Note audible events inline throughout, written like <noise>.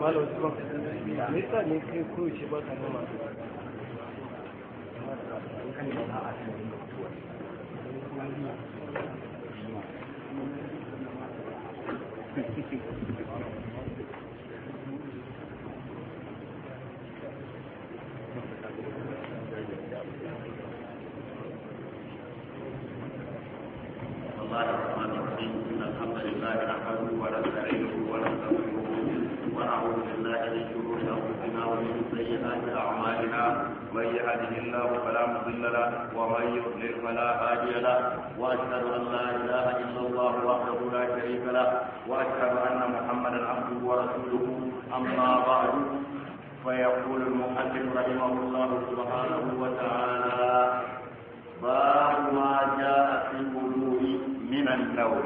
Malo Usman, nisa ne kai kowace ba ka nama الله الرحمن الرحيم إن الحمد لله نحمده ونستعينه من يهده الله فلا مضل له ومن يضلل فلا هادي له واشهد ان لا اله الا الله وحده لا شريك له واشهد ان محمدا عبده ورسوله اما بعد فيقول المؤلف رحمه الله سبحانه وتعالى باب ما جاء في الوضوء من النوم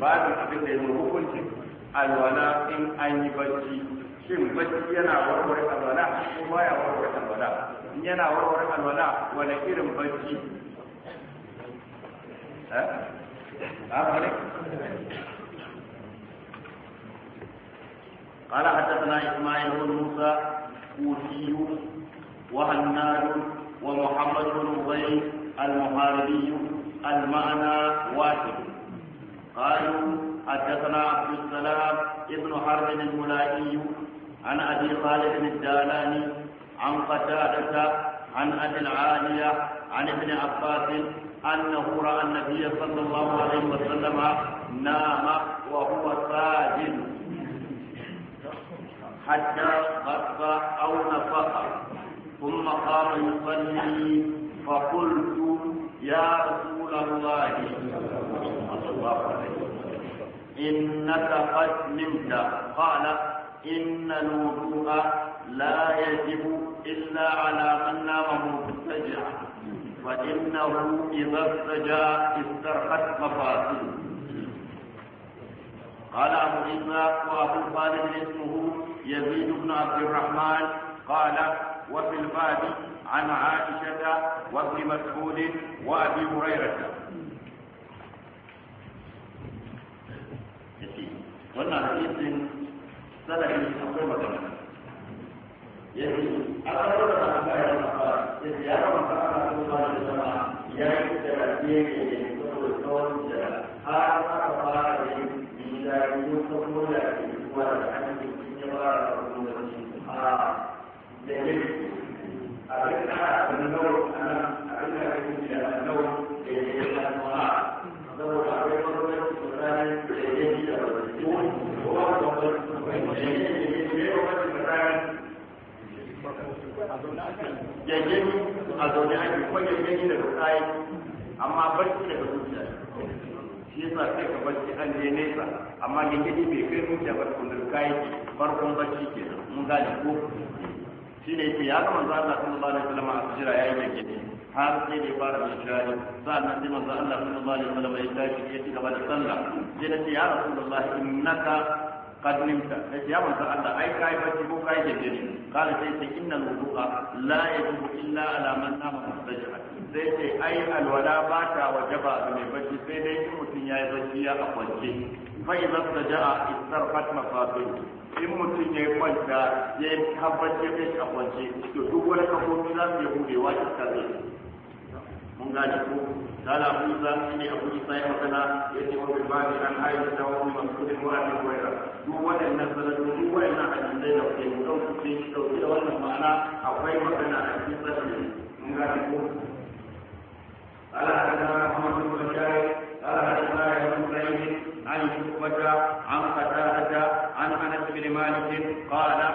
باب abin da ya hukuncin alwala in an yi bacci shin bacci yana warware alwala ko baya warware alwala yana warware alwala wani irin bacci قال حدثنا اسماعيل بن موسى كوفي al ومحمد بن زيد المحاربي المعنى واحد قالوا حدثنا عبد السلام ابن حرب الملائي عن خالد الدالاني عن قتادة عن أبي العالية عن ابن عباس أنه رأى النبي صلى الله عليه وسلم نام وهو ساجد حتى غصب أو نفخ ثم قام يصلي فقلت يا رسول الله صلى الله عليه وسلم إنك قد نمت قال إن الوضوء لا يجب إلا على من نامه مستجع وإنه إذا السجع استرخت مفاصله قال أبو عيسى وأبو خالد اسمه يزيد بن عبد الرحمن قال وفي الباب عن عائشة وابن مسعود وأبي هريرة wannan حديث سنة حكومة يجب أقرب أن أفعل المقال يجب أن أفعل المقال للجماعة يجب تلاتين يجب تقول هذا فقال من لا يوصف لك ولا أنت من يرى رسول الله لكن أبدا yayyani a zaune ake ko yayyani daga tsaye amma barci daga zuciya shi yasa sai ka barci an je nesa amma yayyani bai kai zuciya ba kun daga kai farkon barci ke mun gane ko shi ne yake ya ga manzo Allah sallallahu alaihi wasallam a sujira yayin yayyani har sai da fara mai sa'annan sai manzo Allah sallallahu alaihi wasallam ya tashi ya ci gaba da sallah sai da ya rasulullahi innaka kadrimta sai ya manta Allah ai kai bacci ko kai jeje ne kala sai sai innal wudu'a la yajibu illa ala man nama mustajaba sai sai ai wala ba ta wajaba ga mai bacci sai dai in mutun yayi bacci ya kwance fa idza sajaa istarfat mafatin in mutum ya kwanta ya yi tabbaci ya shi a kwanci to duk wani kafofi za su yi hudewa shi ta zai mun gane ko tala abu za mu yi abu isa ya magana ya ce wani bani an haifu ta wani masu kudin wa'adin kwayar waɗannan sanadodi waɗannan addinai da ke mu ɗauki ɗauki da wannan ma'ana akwai magana a cikin sassan mun ga ni ko ala hada muhammadu bashai ala hada ya mutaini an shubata an qatada an anas bin malik qala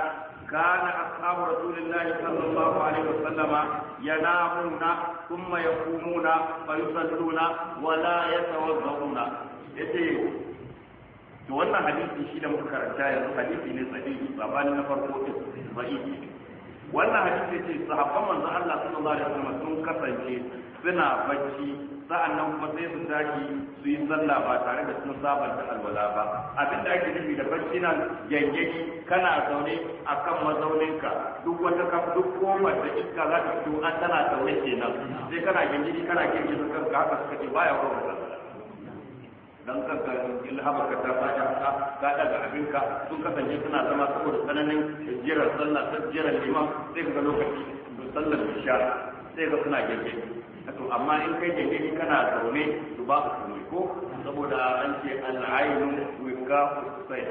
كان أصحاب رسول الله صلى الله عليه وسلم ينامون ثم يقومون فيصلون ولا يتوضؤون. يتيمون. to wannan hadisi shi da muka karanta yanzu hadisi ne sahihi sabani na farko din sahihi wannan hadisi ce sahabban manzo Allah sallallahu alaihi wasallam sun kasance suna bacci sa'annan kuma sai su tashi su yi sallah ba tare da sun sabanta alwala ba abin da ake nufi da bacci nan yayyaki kana zaune akan mazauninka duk wata kaf duk kofar da iska za ta fito an tana zaune kenan sai kana yayyaki kana sun kanka haka suka ce baya kofar Dan kanka in haba ka ta fada ka ka daga abin ka sun kasance suna zama saboda tsananin jiran sallah ta jiran liman sai ka lokaci da sallar isha sai ka suna gege to amma in kai gege ni kana zaune to ba ka tsume ko saboda an ce al'ainu wika sai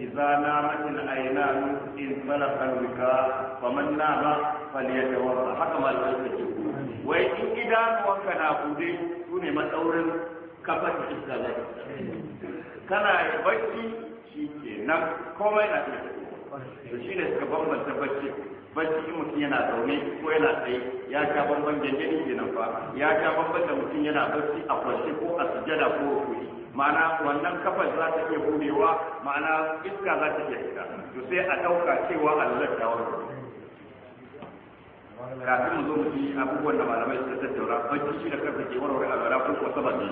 idza namatil aynan in bala qalbika faman nama falyatawadda haka malaka ta ce wai in gidan wanka na bude sune matsaurin kafa ta iska za ta kana bacci shi ke nan komai na ke da shi ne suka bambanta bacci bacci in mutum yana zaune ko yana tsaye ya sha bamban gangani nan fa ya sha bamban da mutum yana bacci a kwance ko a sujada ko kuri ma'ana wannan kafar za ta iya budewa ma'ana iska za ta iya fita to sai a ɗauka cewa a ta wani kafin mu zo mu ji abubuwan da malamai suka tattauna bacci shi da kansa ke warware alwala ko kuma ne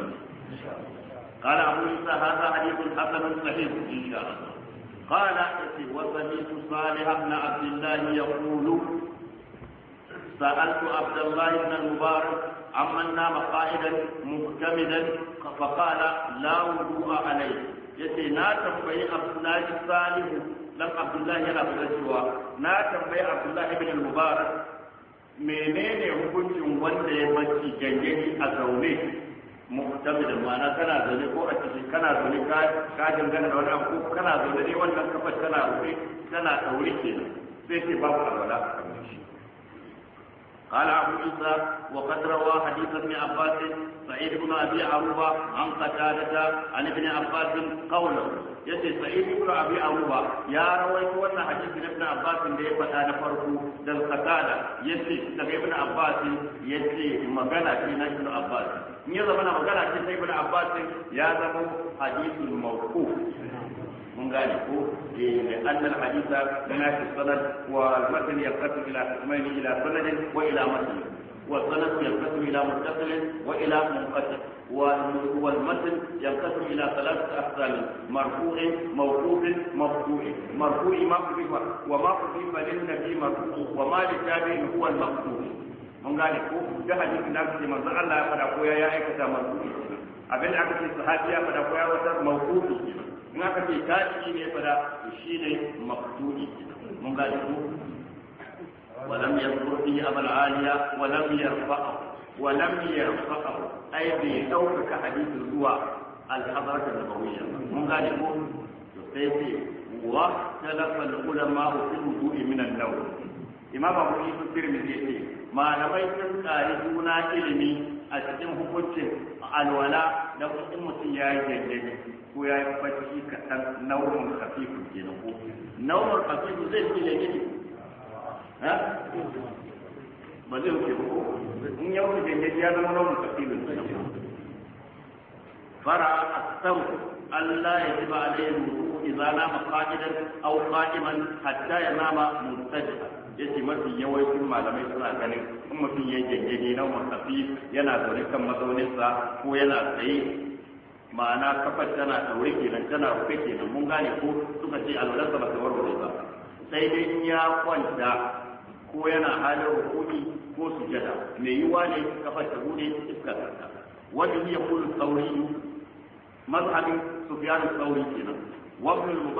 قال أبو موسى هذا حديث حسن صحيح إن شاء الله قال وسمعت صالح بن عبد الله يقول سألت عبد الله بن المبارك عمن نام قائدا مكتملا فقال لا وضوء عليه yace na tambayi Abdullahi Salihu dan Abdullahi yana fara cewa na tambayi Abdullahi ibn al-Mubarak menene hukuncin wanda ya bacci gangani a zaune muhtamida ma'ana kana zaune ko a cikin kana zaune ka dangana da wani abu ko kana zaune ne wannan kafar tana rufe tana daure kenan sai ce babu alwala a kan shi قال أبو عيسى وقد روى حديث ابن عباس سعيد بن أبي عروبة عن قتادة عن ابن عباس قوله yace Sa'idu ibn abi aruba ya rawaito wannan hadisi na ibn abbas da ya faɗa na farko dal qatada yace daga ibn abbas yace magana ce na ibn abbas in ya zama magana ce sai ibn abbas ya zama hadisul mawquf من ذلك لأن الحديث لنا في السند والمثل ينقسم إلى قسمين إلى سند وإلى مثل والسند ينقسم إلى متصل وإلى منقسم والمثل ينقسم إلى ثلاثة أقسام مرفوع موقوف مرفوع مرفوع وما ومقرفة للنبي مرفوع وما لتابع هو المقصود من ذلك لكم ده حديث نفسه من الله فلا قويا يا إكتا مرفوع abin da الصحابي فلا sahabi ya faɗa in aka ce tashi ne fada to shi ne maktuni mun ga shi walam a bi amal aliya walam yarfa'u walam yarfa'u ai bi dauka hadithu zuwa al-hadarat nabawiyya mun ga shi to sai sai wa talafa al-ulama fi wudu'i min an-nawm imam abu yusuf tirmidhi yace malamai sun tsari juna ilimi a cikin hukuncin alwala da kuɗin mutum ya yi jajjabi ko ya yi bacci kaɗan Naurin kafifu ke na ko nau'in kafifu zai fi da gini ba zai wuce ko in ya wuce jajjabi ya zama Naurin kafifu ke na ko fara a sau Allah ya ji ba alaihi ruku idza nama qa'idan aw qa'iman hatta yanama muntajiba yake mafi yawancin malamai suna ganin in mutum ya gengeni na wasafi yana zaune kan mazauninsa ko yana tsaye ma'ana kafar tana daure kenan tana rufe kenan mun gane ko suka ce alwalarsa ba ta warware ba sai dai in ya kwanta ko yana halin rukuni ko sujada mai yiwa ne kafar ta bude iska ta wani ya kullu sauri mazhabin sufyan sauri kenan wani ibn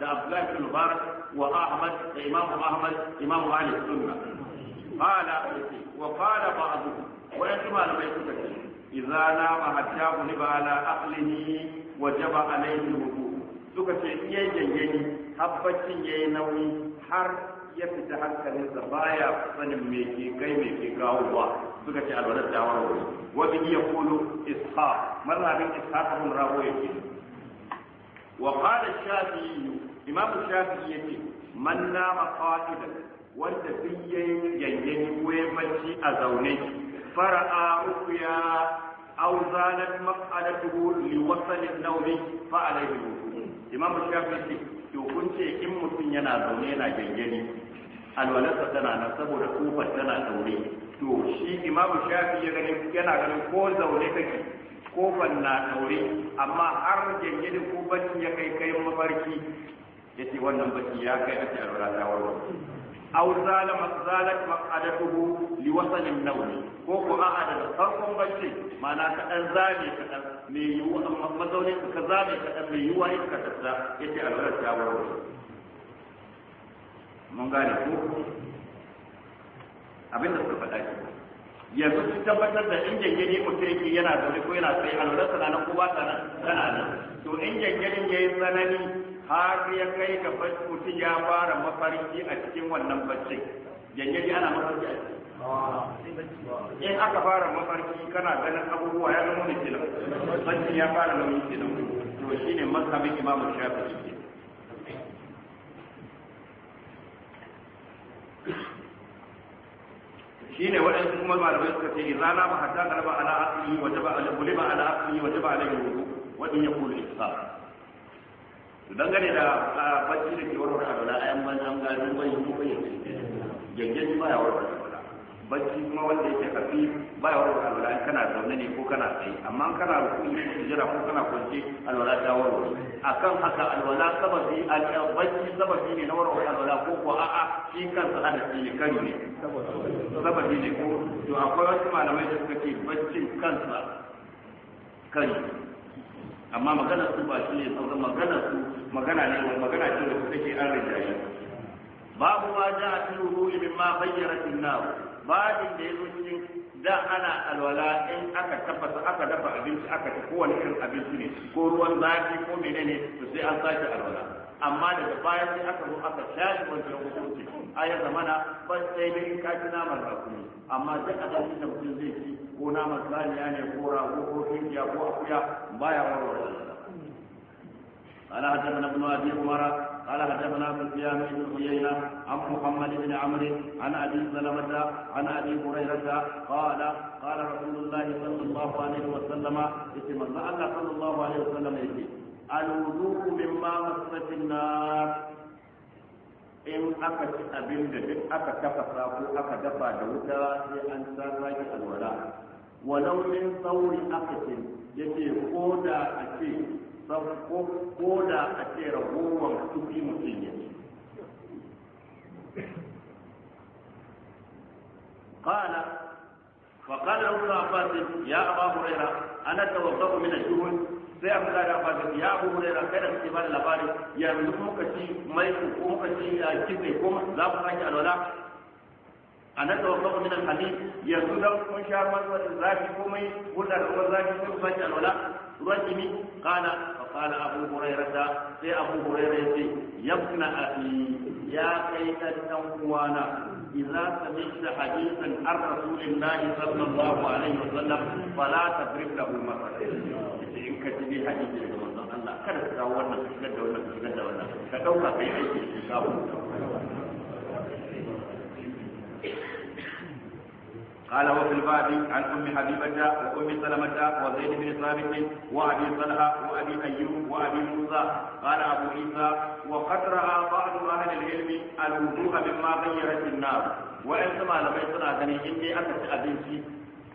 da Abdullahi bin Mubarak wa Ahmad da Imam Ahmad Imam Ali sunna qala wa qala ba'du wa ma al bayt kace idza nama hatta uniba ala aqlihi jaba alayhi wudu suka ce in yayi habbacin yayi nauyi har ya fita da baya sanin me ke kai me ke kawowa suka ce alwala da warware wa bi ya kulu ishaq mazhabin ishaq ibn rawi yake wa الشافعي imamu shafi ya ce man nama qa'idan wanda biyayen yayin yanyayi ko a zaune fara'a ruqya aw zalat maq'adatuhu li wasal an-nawmi fa alayhi imamu shafi ya ce to kun ce in mutum yana zaune yana yanyayi alwalarsa tana nan saboda kofar tana zaune to shi imamu shafi ya gani yana ganin ko zaune take kofar na zaune amma har janjini ko bacci ya kai kai mafarki yace wannan baki ya kai a cikin rana warwar aw zala mazalat maqadatuhu li an-nawm ko ko a adada farkon bacci mana ka dan zame ka dan me yiwu amma mazaunin ka zame ka dan me yiwu ai ka tsada yace alwala ta warwar mun gane ko abin da suka faɗa yanzu sun tabbatar da in jangene mutum yake yana zaune ko yana tsaye alwalarsa na nan ko ba ta to in ya yi tsanani har ya kai ga mutum ya fara mafarki a cikin wannan baccin yanyaji ana mafarki a cikin in aka fara mafarki kana ganin abubuwa ya zama ne kenan ya fara nauyi kenan to shine mazhabin imamu shafi'i shine waɗansu kuma malamai suka ce idan la ba hatta ba ala wa taba ala ulima ala wa taba ala yuhu wa in yaqulu ihsan dangane da bacci da ke warware alwala ayan ban an gano bai yi bai yanke ba ya warware alwala bacci kuma wanda yake kafi ba ya warware alwala kana zaune ne ko kana tsaye amma kana rukuni ko sujjada ko kana kwance alwala ta warware kan haka alwala sababi bacci sababi ne na warware alwala ko ko a'a shi kansa hadasi ne kari ne sababi ne ko to akwai wasu malamai da suka ce baccin kansa kari amma magana su ba shi ne sauran magana su magana ne wa magana ce da ke an shi. babu ma cikin fil min ma bayyana an ba babin da zo cikin da ana alwala in aka tabbata aka dafa abinci aka ci kowane irin abinci ne ko ruwan zafi ko menene to sai an sake alwala amma daga bayan sai aka zo aka shafi wancan hukunci a ya zamana ba sai ne in kaji ci ba kuma amma aka abincin da mutum zai ci ko naman ya ne ko rago ko tunkiya ko akuya baya warware قال حدثنا ابن ابي عمر قال حدثنا سفيان بن عيينه عن محمد بن عمرو عن ابي سلمه عن ابي هريره قال قال رسول الله صلى الله عليه وسلم اسم الله صلى الله عليه وسلم يجي الوضوء مما مست النار in aka ci abin da duk aka tafasa ko aka dafa da wuta sai an san sake alwala walau min sauri aqtin yake koda a ce ko koda a ce ragowar tuki mutum ya fa qala له ابن ya aba ابا ana انا min من الشهود sai abu da ba ya abu ne kada ki da kake ba da labari yanzu muka ci mai ko muka ci kitse ko za ku sake alwala anan da wannan min al yanzu da kun sha ruwan zafi komai hulɗa da zafi kun sake alwala ruwan dimi kana fa kana abu hurairata sai abu hurairah yace yabna abi ya kai dan dan uwana إذا سمعت حديثا عن رسول الله صلى الله عليه وسلم فلا تضرب له مثلا ka كتبي حديث الله كرسا وانا كتبت وانا ka وانا كتبت aiki كتبت وانا قال وفي الباب عن ام حبيبه عن ام سلمه وزيد بن ثابت وابي طلحه وابي ايوب وابي موسى قال ابو عيسى وقد راى بعض اهل العلم الوجوه مما غيرت النار وان سمع لم يصنع ذني اني اكلت ابنتي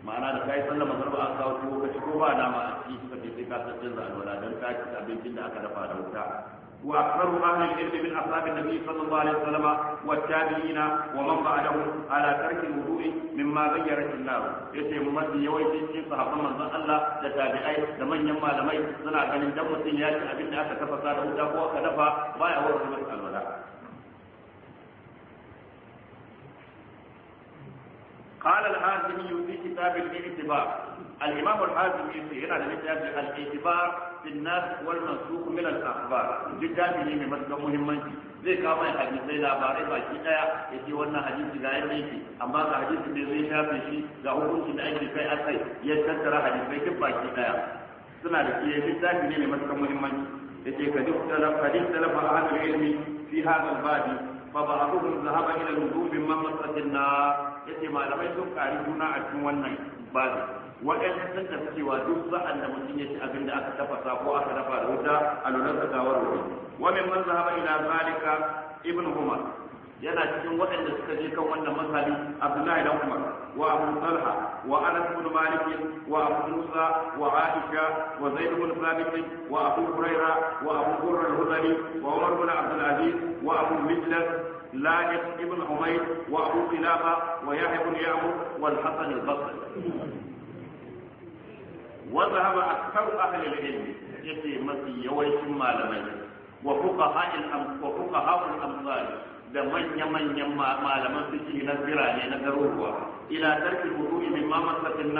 ma'ana da kai sallar magriba an kawo tuwo ka ci ko ba nama a ci ka ce sai ka واكثر اهل العلم من wa النبي صلى الله عليه وسلم والتابعين ومن بعدهم على ترك الوضوء مما غيرت النار yace mafi yawanci cikin sahabban manzon Allah da tabi'ai da manyan malamai suna ganin dan mutum ya ci abin da aka tafasa da wuta ko aka dafa baya wurin masa alwala قال الهاشمي في كتاب الاعتبار الإمام الحافظ يقول على الكتاب الاعتبار في الناس والمنسوخ من الأخبار جدا من مسلم مهم zai kama ya hadisai labarai baki daya ya ce wannan hadisi ga yadda yake amma ga hadisi ne zai shafe shi ga hukunci da ake kai akai ya tattara hadisai duk baki daya suna da ke ne mai matuƙar muhimmanci ya ce ka duk talafa a hannun ilmi fi hadal babi fa ba abubuwan zahaba ila lububin mamasakil ya ce malamai sun ƙari juna a cikin wannan babi waɗannan sun tafi wa duk sa'an da mutum ya ci abin da aka tafasa ko aka dafa da wuta a lura da gawar wuri wa min man zahaba ila zalika ibn umar yana cikin waɗanda suka je kan wannan mazhabi abdullahi dan umar wa abu talha wa anas ibn malik wa abu musa wa aisha wa zaid ibn thabit wa abu huraira wa abu qurra al-hudali wa umar ibn abdul aziz wa abu mijlas لائق ابن عمير وابو قلابه ويحيى بن يعمر والحسن البصري wa zahaba a ahli al-ilm yace mafi yawancin malamai wa fuqaha al-am wa da manya-manyan malaman suke na birane na garuruwa ina tarki hudumi min ma masakin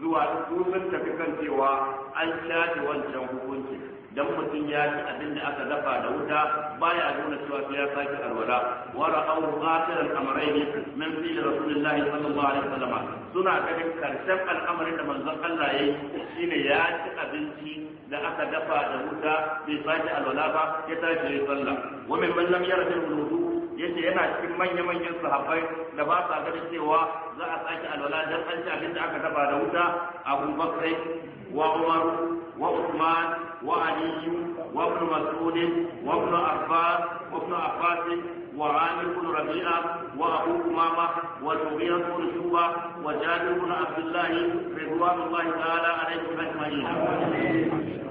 zuwa su sun tafi kan cewa an shafe wancan hukunci. dan mutum ya ci abin da aka dafa da wuta baya nuna cewa sai ya sake alwala wa ra'awu akhir al-amrayn min fi rasulillah sallallahu alaihi wasallam suna ganin karshen al'amarin da manzon Allah yayi shine ya ci abinci da aka dafa da wuta bai sake alwala ba ya tashi sallah wa min lam yara al-wudu yace yana cikin manya-manyan sahabbai da ba sa ganin cewa za a sake alwala dan an ci da aka taba da wuta Abu Bakr wa Umar wa Uthman wa Ali wa Ibn Mas'ud wa Ibn Abbas wa Ibn Abbas wa Amir ibn Rabi'a wa Abu Umama wa Zubair ibn Shuba wa Jabir ibn Abdullah radiyallahu ta'ala wa sallam.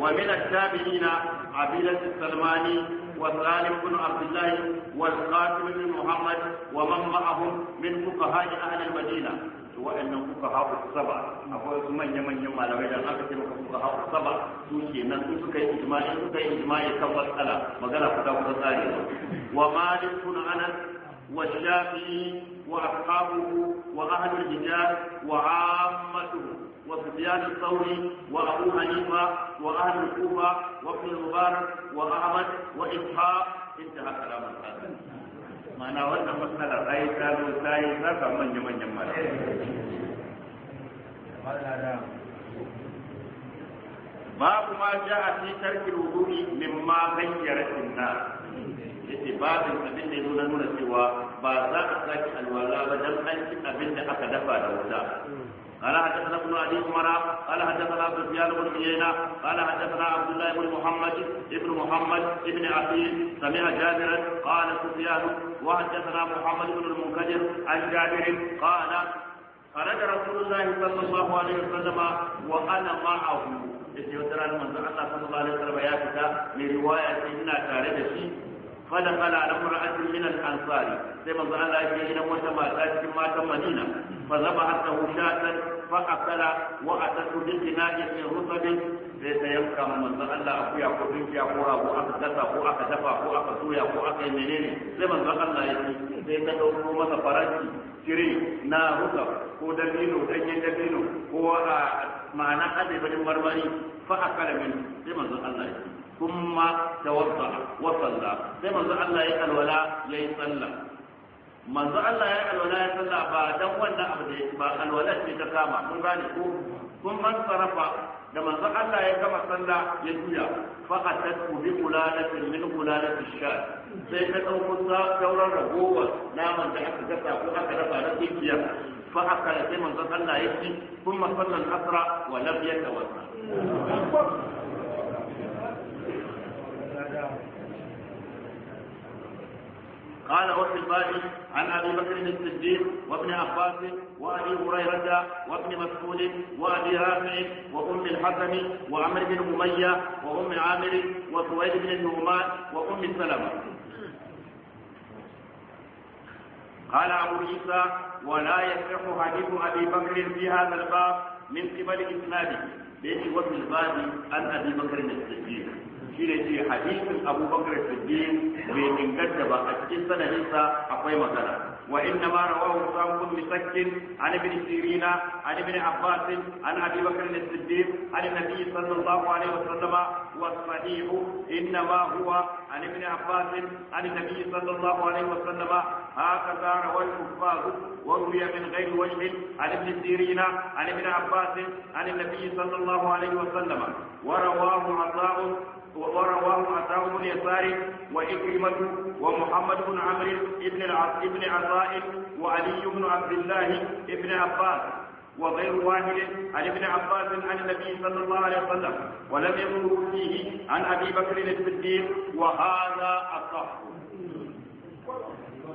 ومن التابعين عبيدة السلماني وسالم بن عبد الله والقاسم بن محمد ومن معهم من فقهاء أهل المدينة wa'annan kuka haku saba akwai wasu manya-manyan malamai da aka ce maka kuka haku saba su ke nan su suka yi ijma'i suka yi ijma'i kan matsala magana wa malik kun wa wa wa wa wa abu hanifa وأهل الكوفة وابن المبارك وأحمد وإسحاق انتهى كلام الحاكم معنى وانا مسألة أي كانوا ساي سافا من يمن يمن باب ما جاء في ترك الوضوء مما غيرت الناس yace da abin da nuna nuna cewa ba za a saki alwala ba dan an ci abin da aka dafa da wuta قال حدثنا ابن ابي عمر قال حدثنا عبد سفيان بن عيينه قال حدثنا عبد الله بن محمد ابن محمد ابن عقيل سمع جابرا قال سفيان وحدثنا محمد بن المنكدر عن جابر قال خرج رسول الله صلى الله عليه وسلم وانا معه yace wata المنزل الله صلى الله عليه وسلم ya fita mai riwaya ce فدخل على امرأة من الأنصار كما قال الله إلى وتماتات ما تمنينا فذبحت شاة فأكل وأتته بقناء من رطب sai ta yanka manzon Allah aku ya ko dinki ya kora ko aka gasa ko aka dafa ko aka soya ko aka yi menene sai manzon Allah ya ce sai ta faranti shiri na ruka ko dabino danyen dabino ko marmari fa sai ثم توضأ وصلى sai manzo Allah ya alwala yayi sallah manzo Allah ya alwala ya sallah ba dan wannan abu da ba alwala ce ta kama mun gane ko kun man da manzo Allah ya gama sallah ya juya fa atat bi qulalatin min qulalati shar sai ta dauko sauran ragowar naman da aka gasa ko aka dafa na kiyar fa aka sai manzo Allah ya ci kuma sallan asra wa lam yatawadda قال وحي الباقي عن ابي بكر الصديق وابن عباس وابي هريره وابن مسعود وابي رافع وام الحسن وعمر بن اميه وام عامر وسويد بن النعمان وام سلمه. قال ابو عيسى ولا يصح حديث ابي بكر في هذا الباب من قبل اسناده به وفي الباب عن ابي بكر الصديق. shi ne ce hadisin abubakar siddiq bai inganta ba a cikin sanadinsa akwai magana wa inna ma rawahu sa'd bin misakkin an ibn sirina an ibn abbas an abi bakr as-siddiq an nabi sallallahu alaihi wasallam wa sahih inna ma huwa an ibn abbas an nabi sallallahu alaihi wasallam هكذا روى الكفار وروي من غير وجه عن ابن سيرين عن ابن عباس عن النبي صلى الله عليه وسلم wa rawahu ورواه عطاء بن يساري وإكرمة ومحمد بن عمرو بن العاص بن عطاء وعلي بن عبد الله بن عباس وغير واحد عن ابن عباس عن النبي صلى الله عليه وسلم ولم يمر فيه عن ابي بكر الصديق وهذا الصح.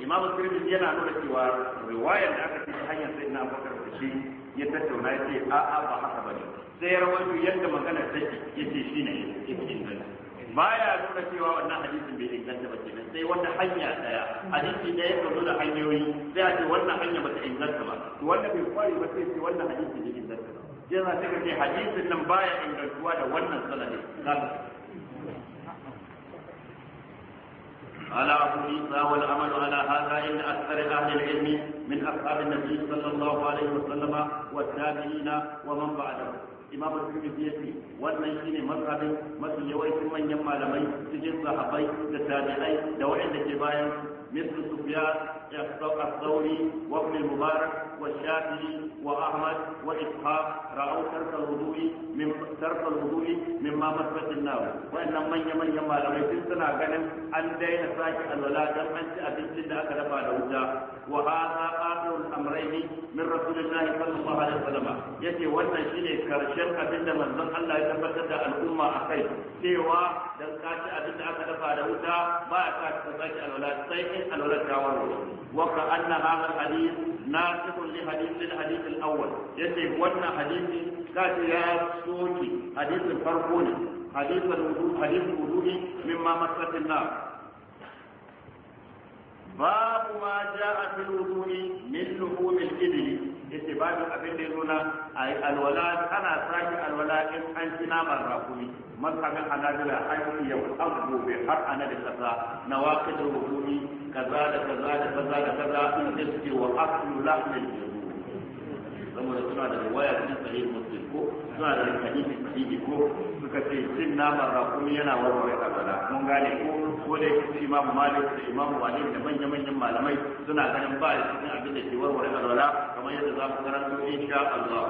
امام الترمذي yana nuna cewa riwayar da aka ce hanyar sayyidina abubakar da shi ya tattauna ya ce a ba haka bane sai ya rawaito yadda magana take inganta baya nuna cewa wannan hadisin bai inganta ba kenan sai hanya daya hadisi ya da hanyoyi sai a ce wannan hanya ba ta inganta ba to wanda bai kware ba sai ce wannan hadisi bai inganta ba yana take ce hadisin nan baya ingantuwa da wannan sanadin على عقلي والعمل على هذا ان اكثر اهل العلم من اصحاب النبي صلى الله عليه وسلم والتابعين ومن بعده امام الكبيرتي والميسين مذهب مثل يويت من يما لمي سجن صحابي التابعي دوعي الجبايه مثل سفيان الثوري وابن المبارك والشافعي واحمد واسحاق راوا ترك الوضوء من ترك الوضوء مما مسبت النار وان من يمن يما لم سنا غنم ان دين ساكي الولاء دم انت ابنتين da aka dafa da wuta wa hadha akhirul amrayn min rasulillah sallallahu alaihi wasallam yace wannan shine karshen abin da manzon Allah ya tabbatar da al'umma akai cewa dan kaci abin da aka dafa da wuta ba ka saki sai alwalar ta warware waka na hadha hadith nasikun li hadith al-hadith al-awwal yace wannan hadisi kace ya soki hadisin farko ne hadisin wudu hadisin babu ma ja'a fil wudu'i min luhumil ibli yace babu abin da yazo na alwala kana saki alwala in an ci naman rakumi mazhabin hanabila har yau har gobe har ana da kaza nawaqid wudu'i kaza da kaza da kaza da kaza in da suke wa aslu lahmil saboda suna da riwaya cikin sahih muslim ko zuwa da hadisi sahihi ko suka ce cin naman rakumi yana warware abada mun gane ko ko da yake su imamu malik da imamu wali da manya manyan malamai suna ganin ba cikin abin da ke warware abada kamar yadda za mu karanto insha Allah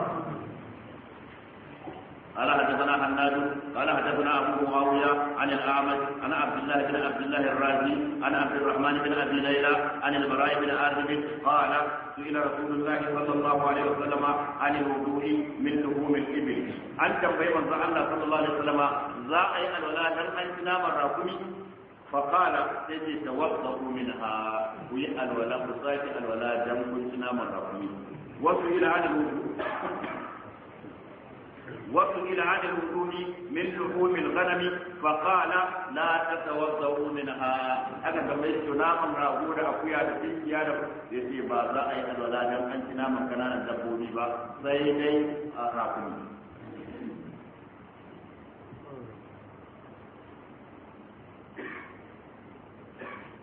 قال حدثنا حناد قال حدثنا ابو معاويه عن الاعمش عن عبد الله بن عبد الله الرازي عن عبد الرحمن بن ابي ليلى عن البراء بن عازب قال سئل رسول الله صلى الله عليه وسلم عن الوضوء من لحوم الابل عن تنبيه من الله صلى الله عليه وسلم ذا اي الولاء دل ان تنام الراكمي فقال سيدي توضؤوا منها وي الولاء بصايت الولاء دم كنت نام الراكمي وسئل عن الوضوء وسئل عن الوضوء من لحوم الغنم فقال لا تتوضؤوا منها انا تمي تنام راغورا اكويا دتيا دا يتي با زا اي ادولا انت ان تنام كانا دبوبي با سي دي راكم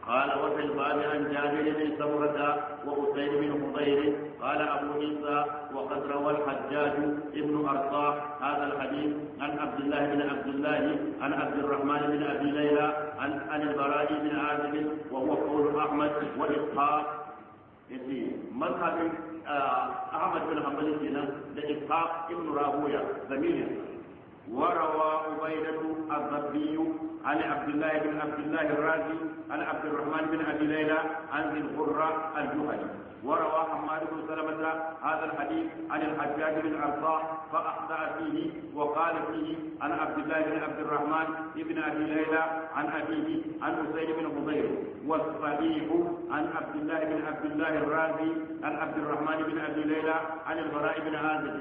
قال وفي الباب عن جابر بن سمرة وحسين بن حضير قال أبو عيسى وقد روى الحجاج ابن أرطاح هذا الحديث عن عبد الله بن عبد الله عن عبد الرحمن بن أبي ليلى عن عن البراء بن عازب وهو قول أحمد وإسحاق مذهب آه، أحمد بن حنبل كنا لإسحاق ابن راهوية زميله وروى عبيدة الضبي عن عبد الله بن عبد الله الرازي عن عبد الرحمن بن أبي ليلى عن ذي الغرة الجهني وروى حماد بن سلمة هذا الحديث عن الحجاج بن عطاء فأخطأ فيه وقال فيه عن عبد الله بن عبد الرحمن بن أبي ليلى عن أبيه عن حسين بن حضير والصحيح عن عبد الله بن عبد الله الرازي عن عبد الرحمن بن أبي ليلى عن البراء بن عازب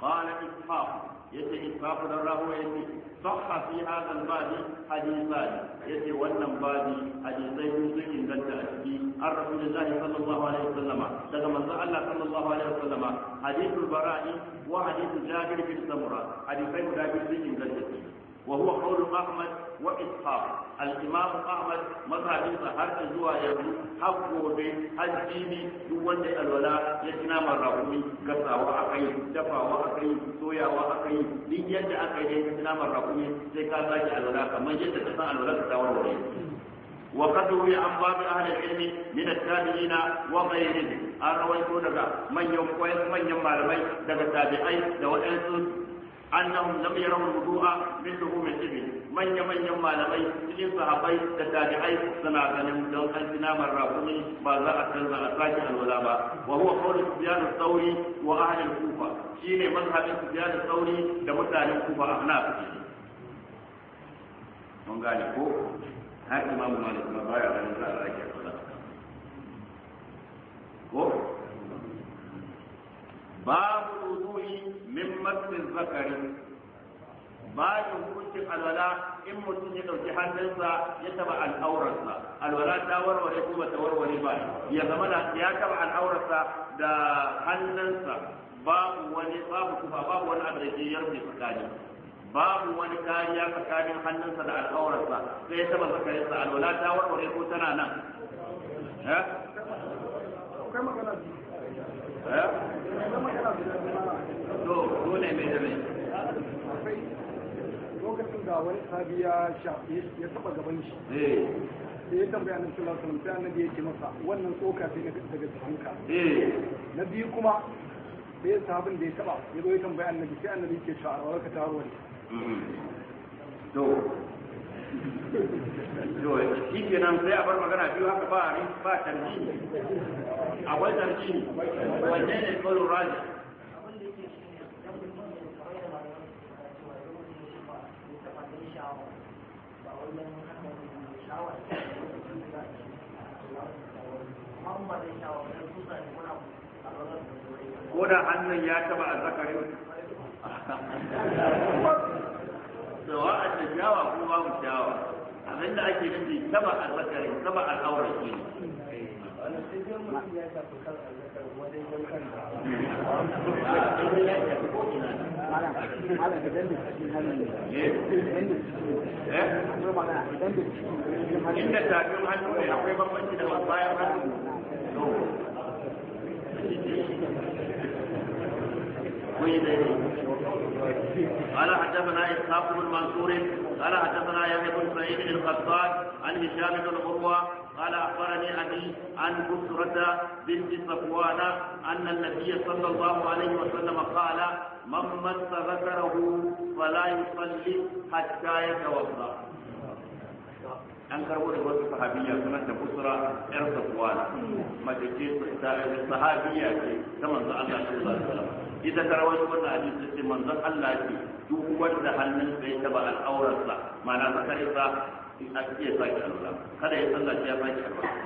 قال إسحاق يتي إطلاق دره ويتي صح في هذا البادي حديثان يتي ونم بادي حديثين مسلمين بدا أشكي الرسول الله صلى الله عليه وسلم لما سأل صلى الله عليه وسلم حديث البراء وحديث جابر بن سمرة حديثين جابر مسلمين بدا وهو قول أحمد wa ishaq al-imam ahmad mazhabin sa har zuwa yanzu har gobe har jini duk wanda ya alwala ya kina marrahumi gasawa akai dafawa akai soyawa akai duk yadda aka yi ya kina marrahumi sai ka sake alwala kamar yadda ka san alwala ka tawarware وقد روي عن بعض اهل العلم من التابعين وغيرهم an rawaito daga manyan koyar manyan malamai daga tabi'ai da wa'ansu annahum lam yarawu wudu'a min luhum al-ibil manya-manyan malamai cikin sahabai da tabi'ai suna ganin don an ci naman rakumi ba za a canza a sake alwala ba wa huwa qawlu sufyan al-thawri wa ahli al-kufa shine mazhabin sufyan al-thawri da mutanen kufa a ahnaf mun gane ko har imamu malik ma baya ganin za a sake alwala ko babu wudu'i min masjid zakari babin hukuncin alwala in mutum ya ɗauki hannunsa ya taba al'aurarsa alwala ta warware kuma ta warware ba ya zama da ya taba al'aurarsa da hannunsa babu wani babu kuma babu wani abu da ke yarfe tsakani babu wani kariya tsakanin hannunsa da al'aurarsa sai ya taba zakarinsa alwala ta warware ko tana nan eh, eh? sa wani sahabi ya sha ya taba gaban shi da eh. ya tambaya annabi sallallahu alaihi wasallam sai annabi ya ce masa wannan tsoka sai na daga jikinka eh. na biyu kuma sai sahabin da ya taba ya zo ya tambaya annabi sai annabi ya ce sha'awar ka ta warware mm-hmm. to <laughs> to shi kenan sai a bar magana biyu haka ba a ba tarji akwai tarji wanne ne kawai raji ko da hannun ya taba a zakarin sawa a da shawa ko babu shawa abin da ake nufi taba a zakarin taba a aure. shi ne inda tafin hannu ne akwai bambanci da bayan hannu قال حدثنا اسحاق بن منصور قال حدثنا يحيى بن سعيد القطان عن هشام بن عروه قال اخبرني ابي عن بسرة بنت صفوان ان النبي صلى الله عليه وسلم قال من مس ذكره فلا يصلي حتى يتوضا. أنكر كربوا الصحابية سمعت بسرة إر صفوان ما تجيب الصحابية كما قال الله صلى الله عليه وسلم إذا ترى وجبنا أن يسلم من الله في جوه وجه هل من ما نذكر in an iya sake alwala kada ya sallah ya sake alwala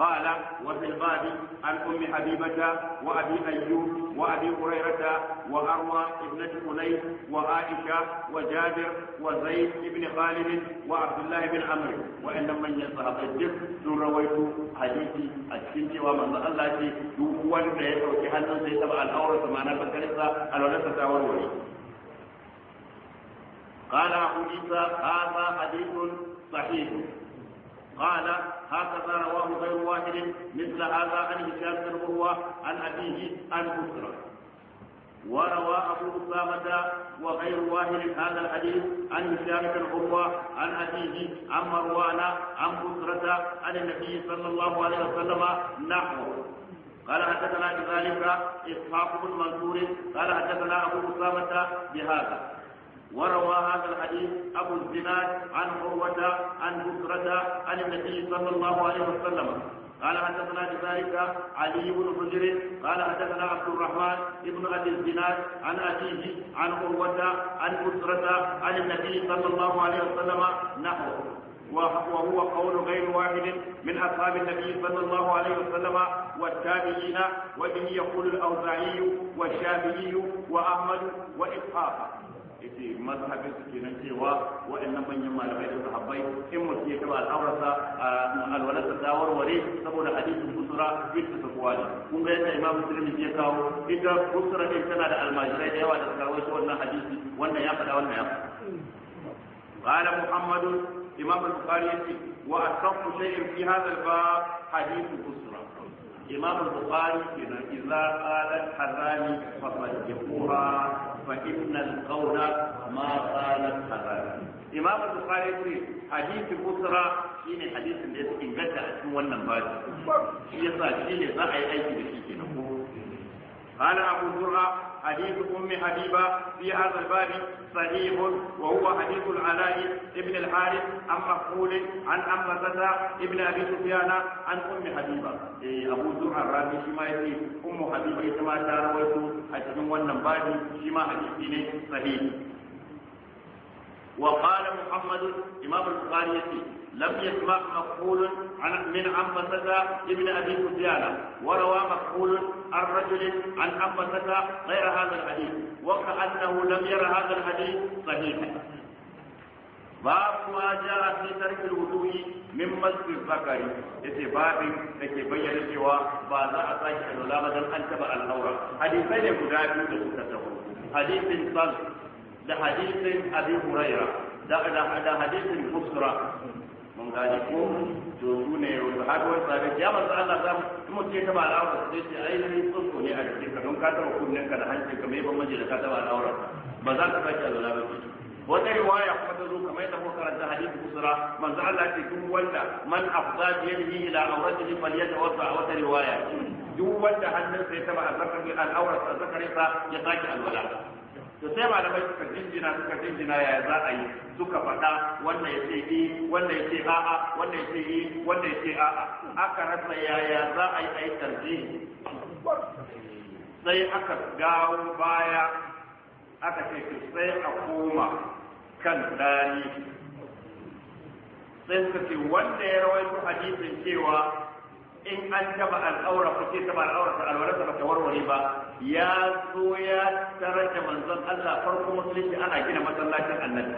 قال وفي الباب عن ام حبيبه وابي ايوب وابي هريره واروى ابنه انيس وعائشه وجابر وزيد بن خالد وعبد الله بن عمرو وان من يصحب الجف sun rawaito hadisi a cikin cewa manzo Allah duk wanda ya dauki hannun sai taba al'aurarsa ma'ana bakarinsa alwalarsa ta warware قال أبو عيسى هذا حديث صحيح قال هكذا رواه غير واحد مثل هذا عن هشام بن عروه عن ابيه عن بكرة وروى ابو اسامه وغير واحد هذا الحديث عن هشام بن عروه عن ابيه عن مروان عن بكرة عن النبي صلى الله عليه وسلم نحوه قال حدثنا بذلك اسحاق بن منصور قال حدثنا ابو اسامه بهذا وروى هذا الحديث أبو الزناد عن عروة عن بكرة عن النبي صلى الله عليه وسلم قال حدثنا بذلك علي بن حجر قال حدثنا عبد الرحمن بن ابي الزناد عن ابيه عن عروه عن بكرة عن النبي صلى الله عليه وسلم نحوه وهو قول غير واحد من اصحاب النبي صلى الله عليه وسلم والتابعين وبه يقول الاوزاعي والشافعي واحمد واسحاق yake mazhabin su kenan cewa waɗannan manyan malamai da sahabbai in mutum ya taba al'aurarsa alwalarsa ta warware saboda hadisin busra bil tasakwani kun ga yadda imam muslim ya kawo ita busra din tana da almajirai da yawa da suka rawaito wannan hadisi wannan ya faɗa wannan ya faɗa قال محمد إمام البخاري يقول وأصح شيء في هذا الباب حديث بصرى إمام البخاري إذا قالت حرامي فصدقوها فإن القول ما قالت حرامي إمام البخاري يقول حديث أسرة شيني حديث الذي إنجد أسمو النبات شيء صار شيني ضعي أيدي بشيء قال أبو زرعة حديث أم حبيبة في هذا الباب صحيح وهو حديث العلاء ابن الحارث عن مقبول عن أمة ابن أبي سفيان عن أم حبيبة إيه أبو زرعة الرازي شما يتي أم حبيبة كما تارويت حديث ونبادي شما حديث صحيح وقال محمد إمام البخاري لم يسمع مقبول من عبسة ابن أبي سفيان وروى مقبول عن رجل عن عبسة غير هذا الحديث وكأنه لم ير هذا الحديث صحيحا باب ما جاء في ترك الوضوء من مسك الذكر yace باب da ke bayyana cewa ba za a sake alwala ba dan an taba al'aura hadisai ne da hadisin abi huraira da hadisin busra mun gane ko to su ne har wani sabi ya manzo Allah ta in mutum ya ce ai ni tsunko ne a cikin ka don ka taba kunnen ka da ka mai da ka ba za ka sake alwala ba wata riwaya kuma ta zo kamar yadda kuka karanta hadisi kusura manzo Allah ce duk wanda man afza bi yadihi ila awratihi falyatawadda wata riwaya duk wanda hannunsa ya taba azzakari ya alwala to sai malamai suka jinjina suka jinjina ya za a yi suka faɗa wannan yace yi wannan yace a'a wannan yace yi wannan yace a'a aka rasa yaya za a yi a yi tarji sai aka gawo baya aka ce sai a koma kan dani sai suka ce wanda ya rawaito hadisin cewa in an taba al'aura kuke taba al'aura ta alwala ta bata warware ba ya zo ya tarar da manzon Allah farko musulunci ana gina masallacin annabi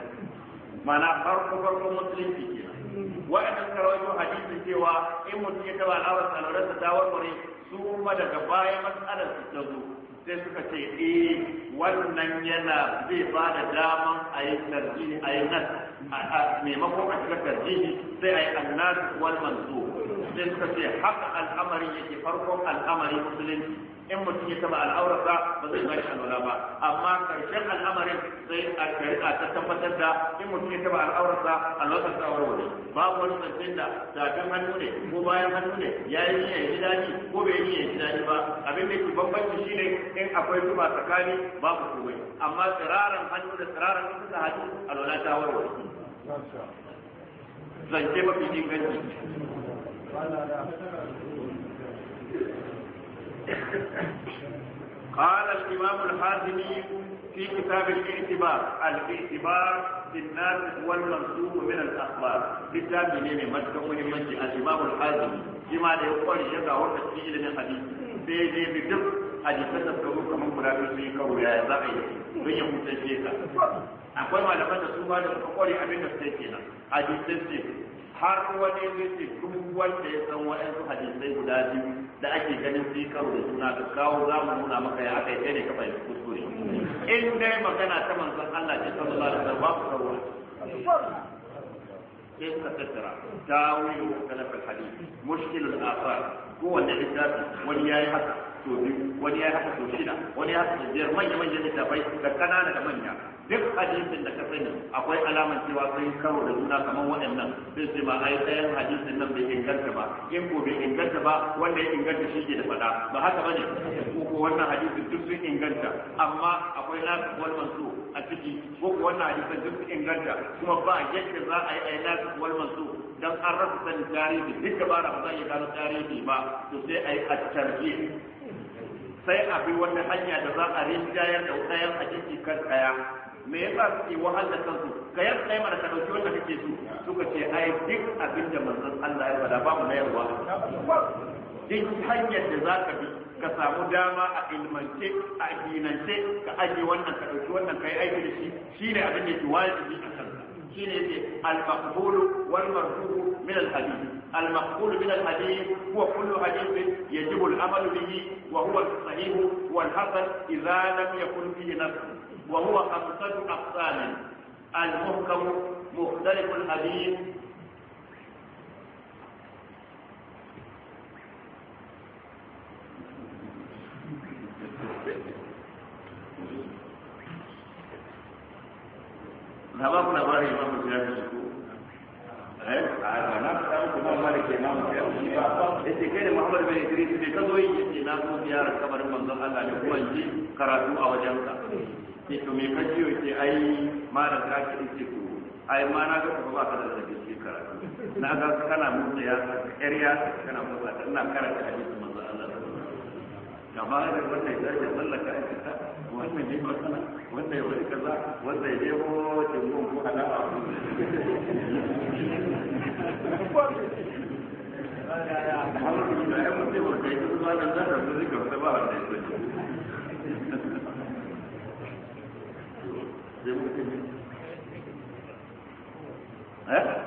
mana farko farko musulunci kenan wa'annan karawayo hadisin cewa in mutum ya taba al'aura ta alwala ta warware su kuma daga baya matsalar su ta zo sai suka ce eh wannan yana zai ba da daman a yi tarji a yi nan a maimakon a shiga tarji sai a yi annas wal sai suka ce haka al'amari yake farkon al'amarin musulunci in mutum ya taba al'aurarsa ba zai bari alwala ba amma karshen al'amarin zai a shari'a ta tabbatar da in mutum ya taba al'aurarsa alwalar ta ba babu wani zancen da tafin hannu ne ko bayan hannu ne ya yi ya ji daɗi ko bai yi ya ji daɗi ba abin da ke bambanci ne in akwai zuba tsakani babu komai amma tsiraran hannu da tsiraran suka haɗu alwala ta warware zance mafi inganci قال الإمام الحازمي في كتاب الاعتبار الاعتبار بالناس هو المنسوب من الأخبار كتاب من مدكم من مجي الإمام الحازمي كما يقول شكا ورد في من الحديث في بدق hadisan da suka kamar guda biyu sun yi karo ya za a yi don ya hutar ka akwai malaman da su har wani zai duk wanda ya san wa'ansu hadisai guda biyu da ake ganin su karo da suna ka kawo za mu nuna maka ya aka yi sai ne ka fahimci kuskure in dai magana ta manzon Allah ce ta sallallahu da wasallam babu karuwa sai suka tattara tawilu mukhtalaf al-hadith mushkil al-athar kowanne littafi wani ya yi haka to biyu wani ya yi haka to shida wani ya haka to biyar manya manyan littafai da kanana da manya duk hadisin da ka sani akwai alamar cewa sai karo da juna kamar waɗannan sai ce ma ai ɗayan hadisin nan bai inganta ba in ko bai inganta ba wanda ya inganta shi ke da faɗa ba haka bane ko wannan hadisin duk sun inganta amma akwai nasu wal mansu a ciki ko ko wannan hadisin duk sun inganta kuma ba yadda za a yi ai nasu wal mansu dan an rasa sani tarihi duk da ba zan yi gano tarihi ba to sai ai a tarji sai a bi wannan hanya da za a rinjayar da ɗayan a ciki kan ɗaya me yasa suke wahal da kansu ka yar kai mana ka dauki wanda kake so suka ce ai duk abin da manzon Allah ya faɗa babu na yarwa duk hanyar da zaka bi ka samu dama a ilmance a dinance ka aje wannan ka dauki wannan kai aiki da shi shine abin da ke wajibi a kanka shine ne al maqbul wal marfu min al-hadith المقبول من الحديث هو كل حديث يجب العمل به وهو الصحيح والحسن إذا لم يكن فيه نفس وهو خمسة أقسام المحكم مختلف الحديث na ba ku labarin imamu ya fi su eh a na ta ku ma malik imam ya fi ba yace kai da muhammad bin idris ne ka zo yi yace na zo ziyarar kabarin manzon Allah ne kuma yi karatu a wajen ka ce to me kake yau ke ai mara ka ce ce to ai ma na ga ku ba ka da zabi shi ka na ga kana da ya yar ya kana ba ta ina karanta hadisi manzo Allah ba da wanda ya ce sallaka ta wannan ne matsala wanda ya wani kaza wanda ya ce mu ko ala'a Allah ya Ba ya ba ya da ya zika ya ba wanda ya زي ممكن ها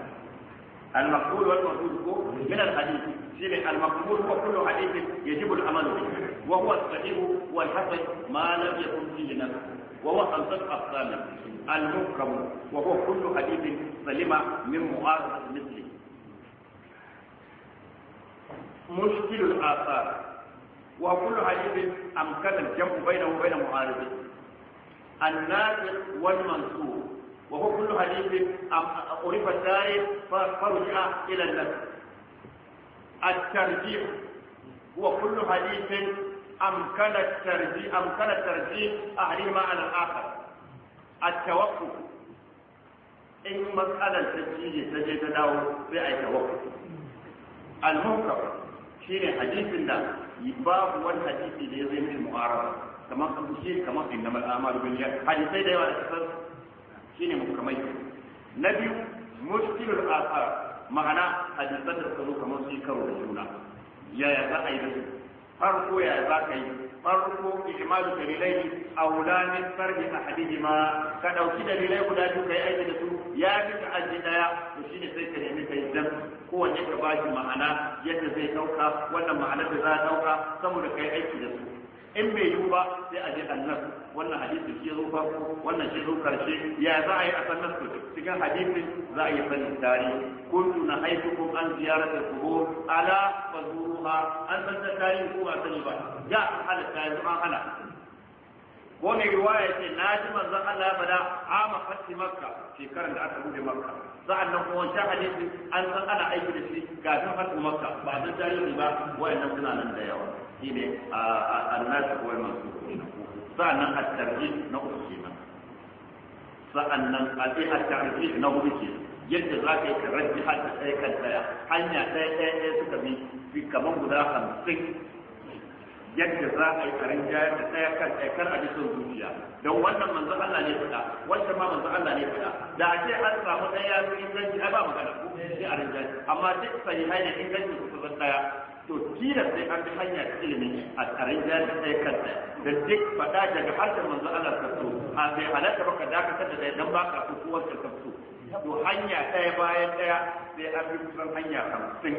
المقبول والمردود هو من الحديث شبه المقبول هو كل حديث يجب العمل به وهو الصحيح والحسن ما لم يكن فيه نفسه وهو الصدق أقسام المحكم وهو كل حديث سلم من معارضة مثله مشكل الآثار وكل حديث أمكن الجمع بينه وبين معارضه النافع والمنصور وهو كل حديث عرف الدائم فرجع إلى النفس الترجيح هو كل حديث أمكن الترجيح أمكن الترجيح أحدهما على الآخر التوقف إن مسألة تجيء تجي تداول بأي توقف المنكر شيء حديث الله يباب والحديث hadisi da ya kamar shi kamar innamal a'malu bin niyyat hadisai da yawa da kasar shine mukamai na biyu mushkilul asar ma'ana hadisan da suka kamar su karo da juna yaya za a yi da su farko yaya za ka yi farko ijmalu dalilai aula min farhi ma. ka dauki dalilai guda biyu kai aiki da su ya fi ka aji daya to shine sai ka nemi kai dan kowanne ka shi ma'ana yadda zai dauka wannan ma'anar da za a dauka saboda kai aiki da su in bai yiwu ba sai a je annas wannan hadisi shi zo farko wannan shi zo karshe ya za a yi a sannan su cikin hadisi za a yi sanin tarihi kuntu na haifukum an ziyaratar kubur ala fazuruha an san ta tarihi ko a sani ba ya ta yanzu an hana ko ne riwaya ce na ji manzon Allah ya faɗa ama fatti makka shekarar da aka maka, makka nan kuma wancan hadisi an san ana aiki da shi kafin fatti makka ba san tarihi ba wa'annan suna nan da yawa shine annasu wal mansukun sa'annan at-tarjih na uku kenan sa'annan eh, at-tarjih na uku ke yadda za ka yi ka rage da ɗaya kan ɗaya hanya ɗaya ɗaya ɗaya suka bi fi kamar guda hamsin yadda za a yi karin da ɗaya kan ɗaya kar a bisan zuciya don wannan manzo Allah ne faɗa wanda ma manzo Allah ne faɗa da ake an samu ɗaya ya fi inganci ai ba magana ko sai a rinjaye amma duk sahihai ne inganci ku kusan ɗaya to tira sai an bi hanya ta ilimi a tsarin jari ɗaya kan da duk faɗa daga harshen manzo Allah ka so a bai halatta ba ka dakatar da dan ba ka kuwar ka ka so to hanya ɗaya bayan ɗaya sai an bi kusan hanya hamsin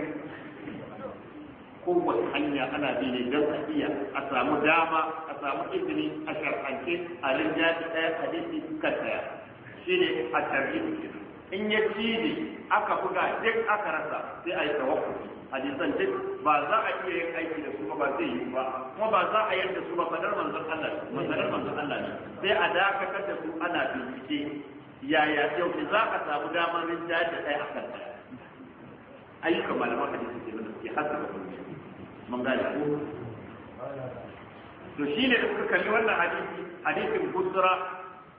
kowace hanya ana bi ne don a iya a samu dama a samu izini a sharhance a rinjaji ɗaya a dinki kan ɗaya shi ne a tarihi in ya ci aka buga duk aka rasa sai a yi tawakkuli hadisan duk ba za a iya yin aiki da su ba ba zai yi ba kuma ba za a yadda su ba fadar manzon Allah manzon manzon Allah ne sai a dakatar da su ana bincike yaya yau za a samu damar rin da ɗaya a kan ayyukan malaman hadisi ke da suke hasa ba mun gane ko to shine da suka kalli wannan hadisi hadisin busra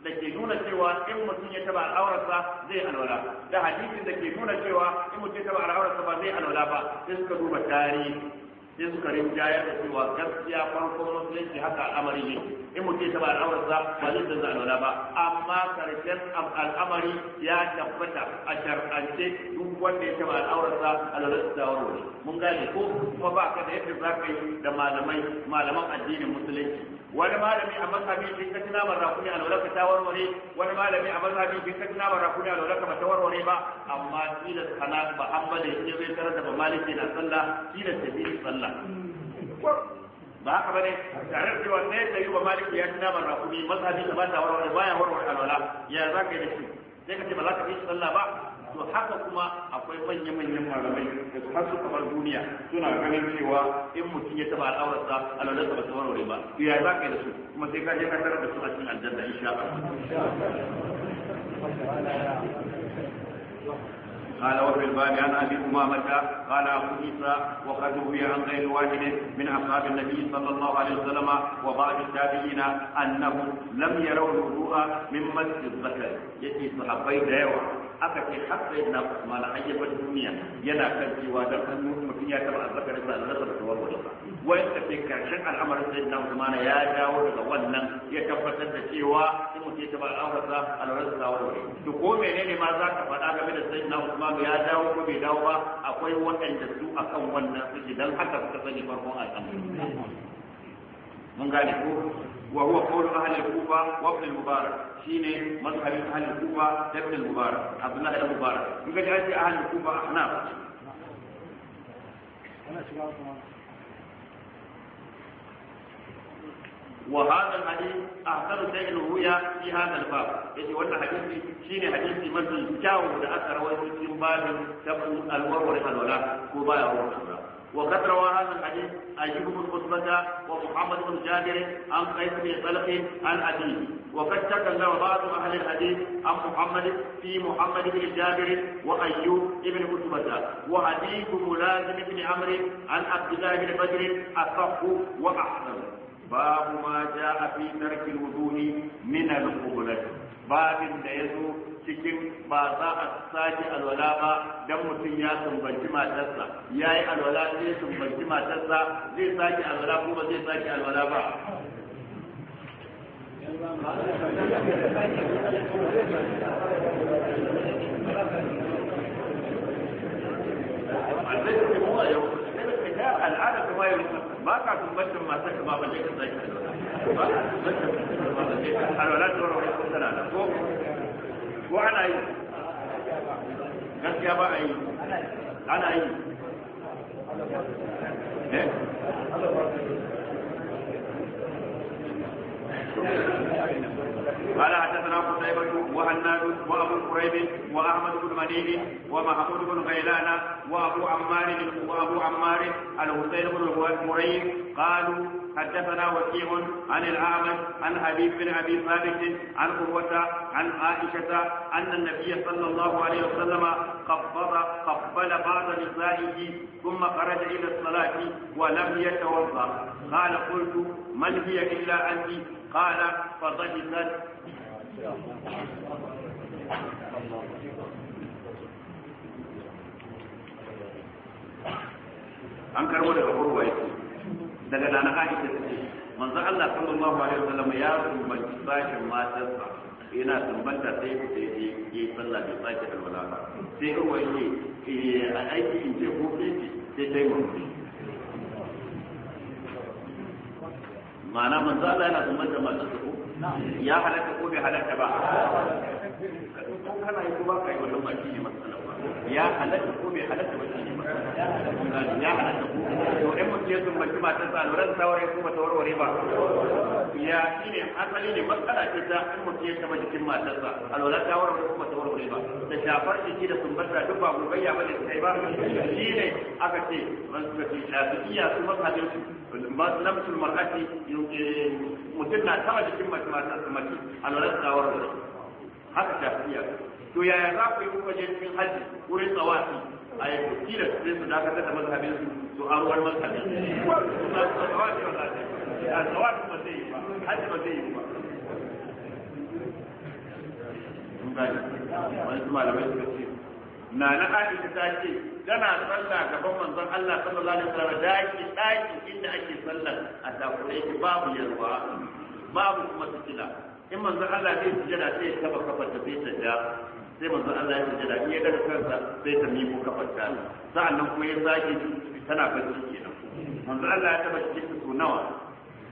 da ke nuna cewa in mutum ya taba al'aurarsa zai alwala da hadisin da ke nuna cewa in mutum ya taba al'aurarsa ba zai alwala ba sai suka duba tarihi sai suka ya da cewa gaskiya farkon musulunci haka al'amari ne in mutum ya taba al'aurarsa ba zai canza alwala ba amma karshen al'amari ya tabbata a shar'ance duk wanda ya taba al'aurarsa alwalarsa da warware mun gane ko kuma ba ka da yadda za ka yi da malamai malaman addinin musulunci wani malami a mazhabi shi ka tuna ban rakumi alwala ka tawarware wani malami a mazhabi shi ka tuna ban rakumi alwala ka mata warware ba amma kila kana ba an bada shi bai tarar da ba maliki na sallah kila ta bi sallah ba haka bane tare da cewa sai da yuba maliki ya tuna ban rakumi mazhabi ka ba ta warware ya warware alwala ya zaka yi da shi sai ka ce ba za ka bi sallah ba to haka kuma akwai manya-manyan malamai da su kamar duniya suna ganin cewa in mutum ya taba al'aurarsa lalata ba ta warware ba ya za ka yi da su kuma sai ka je ka tarar da su a cikin aljanna insha Allah قال وفي الباب عن ابي امامه قال حديث وقد روي عن غير واحد من اصحاب النبي صلى الله عليه وسلم وبعض التابعين انهم لم يروا الوضوء من مسجد الذكر يجي صحابي دايوا aka ce har sai na mana ayyukan duniya yana kan cewa dan hannun mutum ya taba azzakarin sa wai da ke karshen al'amarin sai na mana ya dawo daga wannan ya tabbatar da cewa in mutum ya taba aurata a lura da wuri to ko menene ma za ka faɗa game da sai na musulman ya dawo ko bai dawo ba akwai waɗanda su a kan wannan su ji don haka suka sani farkon al'amarin mun gane ko wa huwa qawlu ahli kufa wa ibn mubarak shine mazhabin ahli kufa da ibn mubarak abdullah ibn mubarak in ga ji ahli kufa ahnaf ana shiga wannan وهذا الحديث أحسن شيء روي في هذا الباب يجي ولا حديث شين حديث من جاو ده أثر ويسكن باب تبن الورور الولاء كوبايا ورور وقد روى هذا الحديث أيوب بن قطبة ومحمد بن جابر عن قيس بن طلق عن أبيه وقد تكلم بعض أهل الحديث عن محمد في محمد بن جابر وأيوب بن قطبة وحديث ملازم بن عمرو عن عبد الله بن بدر أصح وأحسن babu ما جاء a ترك الوضوء من القبلة باب qublat yazo cikin ba za a sake alwala ba don mutum ya sumbanci matarsa ya yi alwala sai sumbanci matarsa zai sake alwala ko ba zai sake alwala ba al'adar ما يرسل ba ka tumbatar masu ka ba ba je ka sai ka ba ka tumbatar masu ba ba je ka alwala ta rawa ko tana da ko ko ana yi gaskiya ba a yi ana yi eh قال حدثنا قتيبة وهناد وأبو كريب وأحمد بن منين ومحمود بن غيلان وأبو عمار وأبو عمار الحسين بن المريم قالوا حدثنا وكيع عن الأعمش عن حبيب بن أبي ثابت عن قوة عن عائشة أن النبي صلى الله عليه وسلم قبض قبل بعض نسائه ثم خرج إلى الصلاة ولم يتوضأ قال قلت من هي إلا أنت قال فضجت an karbo daga kurwa yake daga nana aisha ta ce manzo Allah sallallahu alaihi wasallam ya tumbanci sashin matarsa yana tumbanta sai ya je ya sallah bai sake alwala ba sai ruwa yake a aiki in ce ko sai ta yi mutum ma'ana manzo Allah yana umar da masu su ya halatta ko bai halatta ba ko kana yi ko ba ka wannan ba shi ne matsala ba ya halatta ko bai halatta ba shi ne matsala ya halatta ko to in mutum ya zumbaci matarsa lura da saurayi ko ba ta warware ba wuya shi ne asali ne matsala ce ta in mutum ya taba jikin matarsa alwala ta kuma ta warware ba da shafar jiki da sumbata duk ba gurbayya bane ta kai ba shi ne aka ce mansuka ce shafi'iyya su mazhabin su lamsul mar'ati eh, mutum na taba jikin matarsa mace alwala ta warware haka shafi'iyya to yaya za ku yi kuma cikin haji wurin tsawafi a yi kuki da su su dakatar da mazhabin su su arwar mazhabin su tsawafi wa zafi a tsawafi hajji ba zai yi ba wani malamai suka ce na na aisha ta ce tana sallah gaban manzon Allah sallallahu alaihi wasallam daki daki inda ake sallar a takure babu yarwa babu kuma sikila in manzon Allah zai sujada sai ya taba kafar ta sai ta ja sai manzon Allah ya sujada in ya daga kansa sai ta miko kafar ta sa'annan kuma ya zage tana bacci kenan manzon Allah ya taba cikin su nawa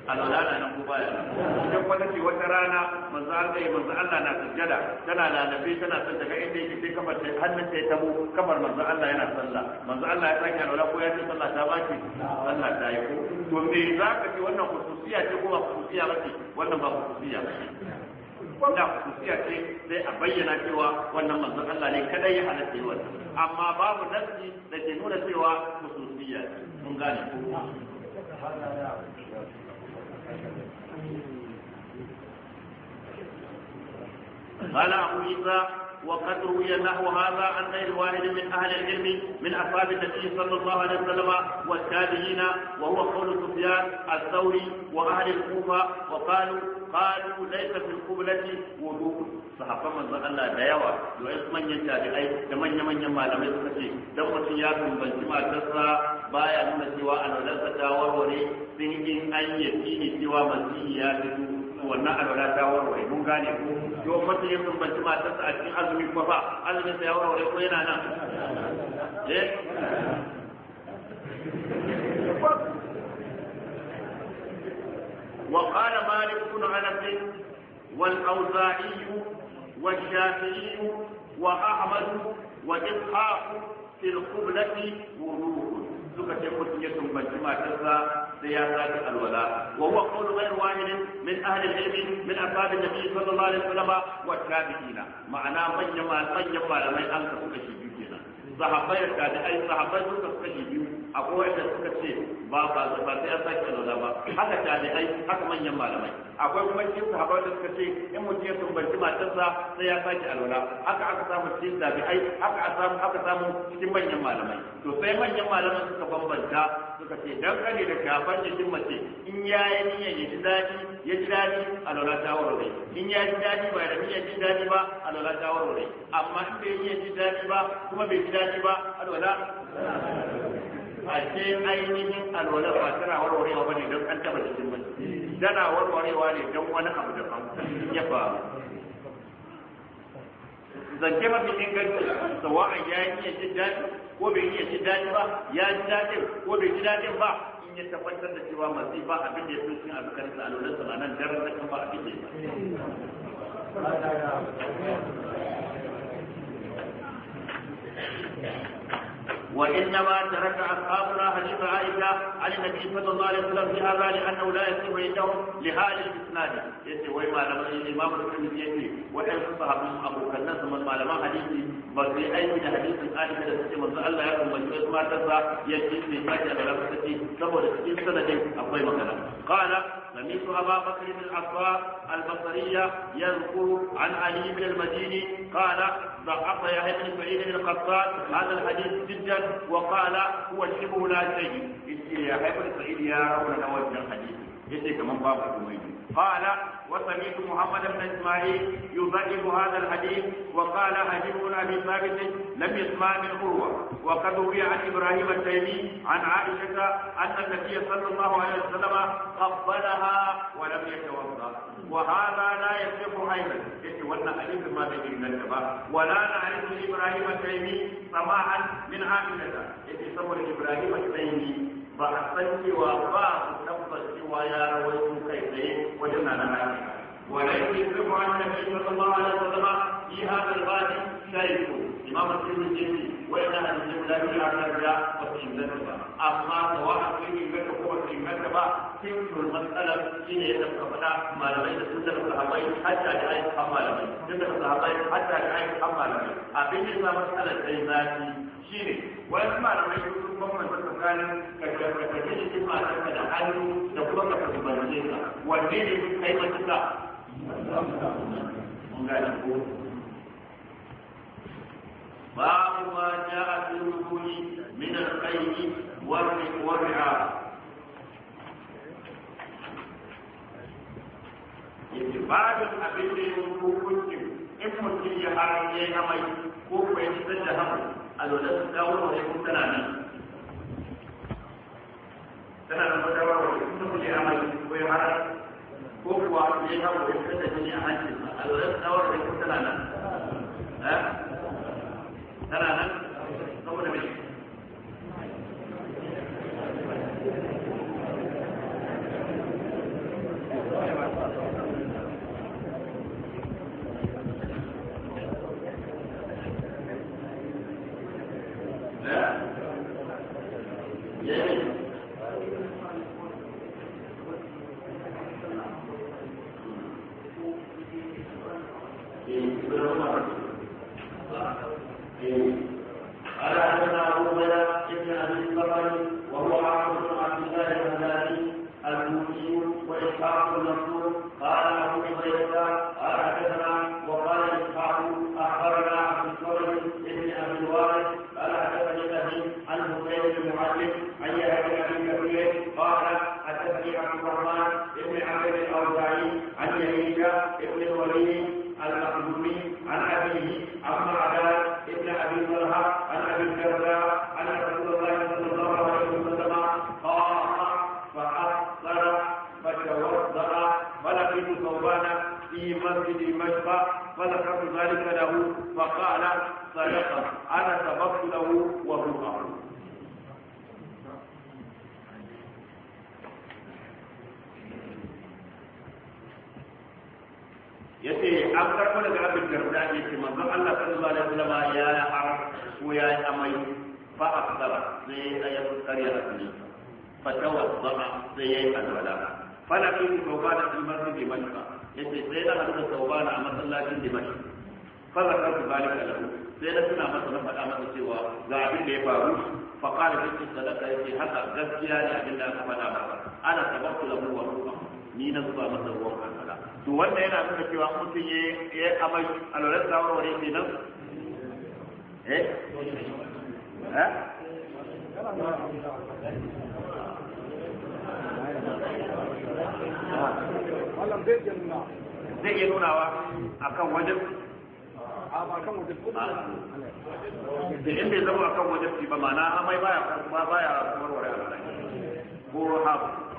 alwala na nan gobe idan wata ce wata rana manzo Allah ya manzo Allah na sujjada tana da lalabe tana son daga inda yake sai kafar ta hannun ta tabo kafar manzo Allah yana sallah manzo Allah ya sake alwala ko ya ce sallah ta baki sallah ta yi ko to me zaka ce wannan khususiya ce kuma khususiya ce. wannan ba khususiya bace wanda kusiya ce sai a bayyana cewa wannan manzon Allah ne kada ya halatta yi wannan amma babu nasi da ke nuna cewa kususiya mun gane ko قال أبو عيسى وقد روي نحو هذا عن غير واحد من أهل العلم من أصحاب النبي صلى الله عليه وسلم والتابعين وهو قول سفيان الثوري وأهل الكوفة وقالوا قالوا ليس في القبلة وضوء sahabban manzon Allah da yawa da wasu manyan tabi'ai da manya-manyan malamai suka ce dan mutum ya bambanci matarsa baya nuna cewa alwalarsa ta warware sun in an yaki cewa masihi ya to wannan alwala ta warware mun gane ko yau mutum ya bambanci matarsa a cikin azumi ko fa azumin sa ya warware ko yana nan eh وقال مالك بن انس والاوزاعي والشافعي واحمد واسحاق في القبله وضوء suka ce mutum ya tumbanci matarsa sai ya sake alwala wa huwa qawlu ghayr wahid min ahli al-ilm min ashab an-nabi sallallahu alaihi wasallam wa tabi'ina ma'ana manya ma manyan malamai an ka suka shi biyu kenan sahabbai da tabi'ai sahabbai suka suka shi biyu akwai wanda suka ce ba ba ba sai an sake alwala ba haka ai haka manyan malamai akwai kuma cikin sahabbai da suka ce in mutum ya tumbanci matarsa sai ya sake alwala haka aka samu cikin tabi'ai haka aka samu aka samu cikin manyan malamai to sai manyan malamai suka bambanta suka ce dan kare da kafan jikin mace in ya yi niyyar ya ji daɗi ya ji daɗi alwala ta warware in ya ji daɗi ba da niyyar ji daɗi ba alwala ta warware amma in bai yi ji daɗi ba kuma bai ji daɗi ba alwala ashe ainihin alwala ba tana warwarewa ba ne don an taba cikin mace tana warwarewa ne don wani abu da ya ba zance mafi inganci sawa'an ya iya ji daɗi ko bai iya ji daɗi ba ya ji daɗin ko bai ji daɗin ba in ya tabbatar da cewa masu ba abin da ya sun a dukkan su alwala sama nan daren da kan ba abin da ya ba. وانما ترك اصحابنا حديث عائشه عن النبي صلى الله عليه وسلم في هذا لانه لا يتم عندهم لهذا الاسناد يسي وي ما لما الامام الترمذي يسي وان صحابي ابو كنان ثم ما لما حديثي بل في اي من حديث عائشه da suke manzo Allah ya umarci su matar sa ya ci sai sake da rabu take saboda cikin sanadin akwai magana أبا بكر بن العصار البصرية يذكر عن علي بن المديني قال فأعطى يحيى بن سعيد بن القطان هذا الحديث جدا وقال هو الحب لا شيء يحيى بن سعيد يا رب الحديث yace kaman babu komai qala wa sami'tu muhammad ibn isma'il yudhahibu hadha alhadith wa qala hadith abi thabit lam yasma min urwa wa qad ruwiya an ibrahim at-taymi an aisha anna an sallallahu alaihi wasallam qabbalaha wa lam yatawadda wa hadha la yasifu aydan yace wannan hadith ma bai inganta ba wa la na'rifu ibrahim al taymi samahan min aisha yace saboda ibrahim al taymi ba a san cewa ba su tabbas cewa ya rawar su kai tsaye wajen na nan ake. Walaiki sun ma'ana da shi sallallahu alaihi wa sallama yi hadal bani saiko imam al-tirmidhi jeni wa ina al-jeni la ba amma wa akwai min ba ko wa timmatu ba sai ko mas'ala shine da kafada malamai da sunan sahabbai hatta da ayi kamalai sunan sahabbai hatta da ayi kamalai abin da ya mas'ala sai zaki shine wani malamai su sun kuma mai tsakanin kaje da kaje da kuma da da hannu wanne ne kai mutaka mun باب ما جاء في الركوع من القيء والرعاء yake babin abin da ya hukuncin in mutum ya har ya yi amai ko ko ya fitar da hamu a lura su da tana nan tana da ya amai ko ko kuwa ya ya fitar da jini a hancin a lura su dawo da yakun tana nan ترى أنا قول منه عبد الرحمن بن عبد an karɓo daga abin karɓa ne ce manzon Allah sallallahu alaihi wasallam ya yi har ko ya yi amai fa aksara sai ya yi ayyukan da kuma fa tawadda sai ya yi alwala fa na kin tauba da ilmarsu bi manka yace sai na hadu da tauba na masallacin dimashi fa ba balika lahu sai na tuna masa na faɗa masa cewa ga abin da ya faru fa qala bi sadaka yace haka gaskiya ne abin da aka faɗa ba ana sababtu lahu wa ruha ni na zuba masa ruwan kankara to wannan yana nuna cewa mutum ya yi amai alwalar wani ke nan eh, eh? zai iya nunawa a kan wajen ah. da in bai zama a kan wajen ba mana amai baya warware a ko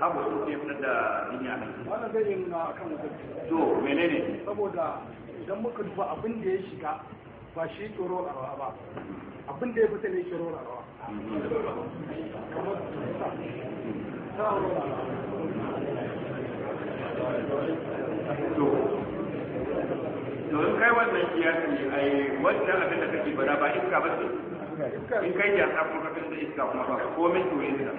haɓu su ke fitar da dinya ne wannan zai yi nuna a kan wutar to menene saboda idan muka duba abin da ya shiga ba shi tsoro a rawa ba abin da ya fita ne tsoro a rawa kamar tuta to in kai wannan kiyasi ai wannan abin da kake bara ba iska ba ce in kai ya sa kuma ka da iska kuma ba ko komai to yin da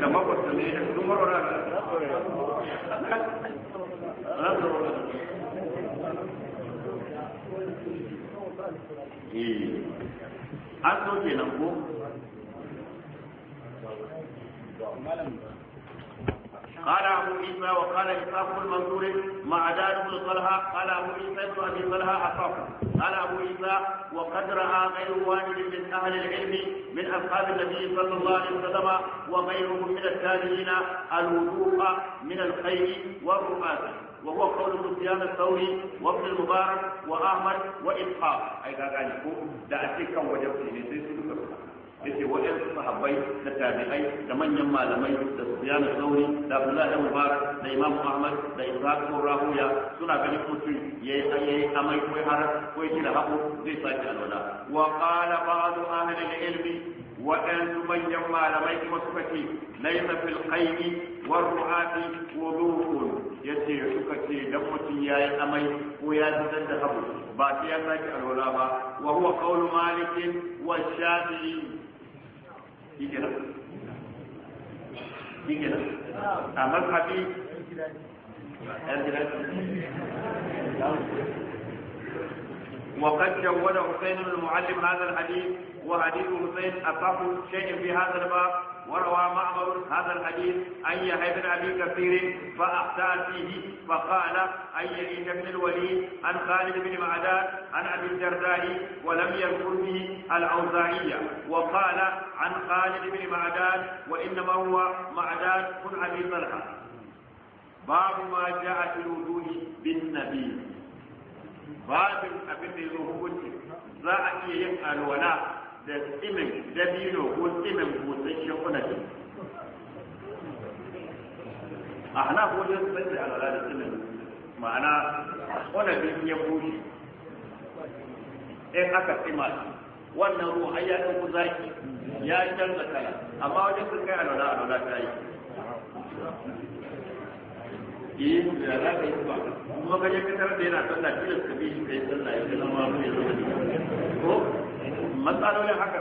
لما قلت لي يحفظوا ولا لا an soke nan ko? قال أبو عيسى وقال إسحاق المنصور دار بن طلحة قال أبو عيسى بن أبي طلحة أصح قال أبو عيسى وقد رأى غير واحد من أهل العلم من أصحاب النبي صلى الله عليه وسلم وغيرهم من التابعين الوضوء من الخير والرؤاة وهو قول سفيان الثوري وابن المبارك وأحمد وإسحاق أي قال ده أتيك وجبت yace waɗansu sahabbai da tabi'ai da manyan malamai da Sufyan al-Thawri da Abdullahi ibn Mubarak da Imam muhammad da Ishaq ibn Rahuya suna ganin mutum yayi yayi amai ko har ko yake da hako zai saki alwala wa qala ba'du ahli al-ilm waɗansu manyan malamai kuma suka ce laysa fil qaini war ru'ati wudu'un yace suka ce dan mutum yi amai ko ya fitar da hako ba sai ya saki alwala ba wa huwa qawlu malik wa shafi'i shi ke nan shi ke nan a mazhabi yan gidan وقد جود حسين المعلم هذا الحديث وحديث حسين أصح شيء في هذا الباب وروى معمر هذا الحديث أي يحيى بن أبي كثير فأخطأ فيه فقال أي يعيد بن الوليد عن خالد بن معدان عن أبي الدرداء ولم يذكر به الأوزاعية وقال عن خالد بن معدان وإنما هو معدان بن أبي طلحة باب ما جاء في الوجوه بالنبي babin abin da ya zo hukunci za a iya yin alwala da tsimin dabino ko tsimin busasshen kunafi a hana ko yin sai da alwala da tsimin ma'ana kunafin ya bushe in aka tsima wannan ruwa ai ya ɗauki zaki ya canza kala amma wajen sun kai alwala alwala ta yi yi eh, da za ka yi ba kuma ka je ka da yana sallah kila ka bi shi kai sallah ya zama ma ya zama ko matsalolin haka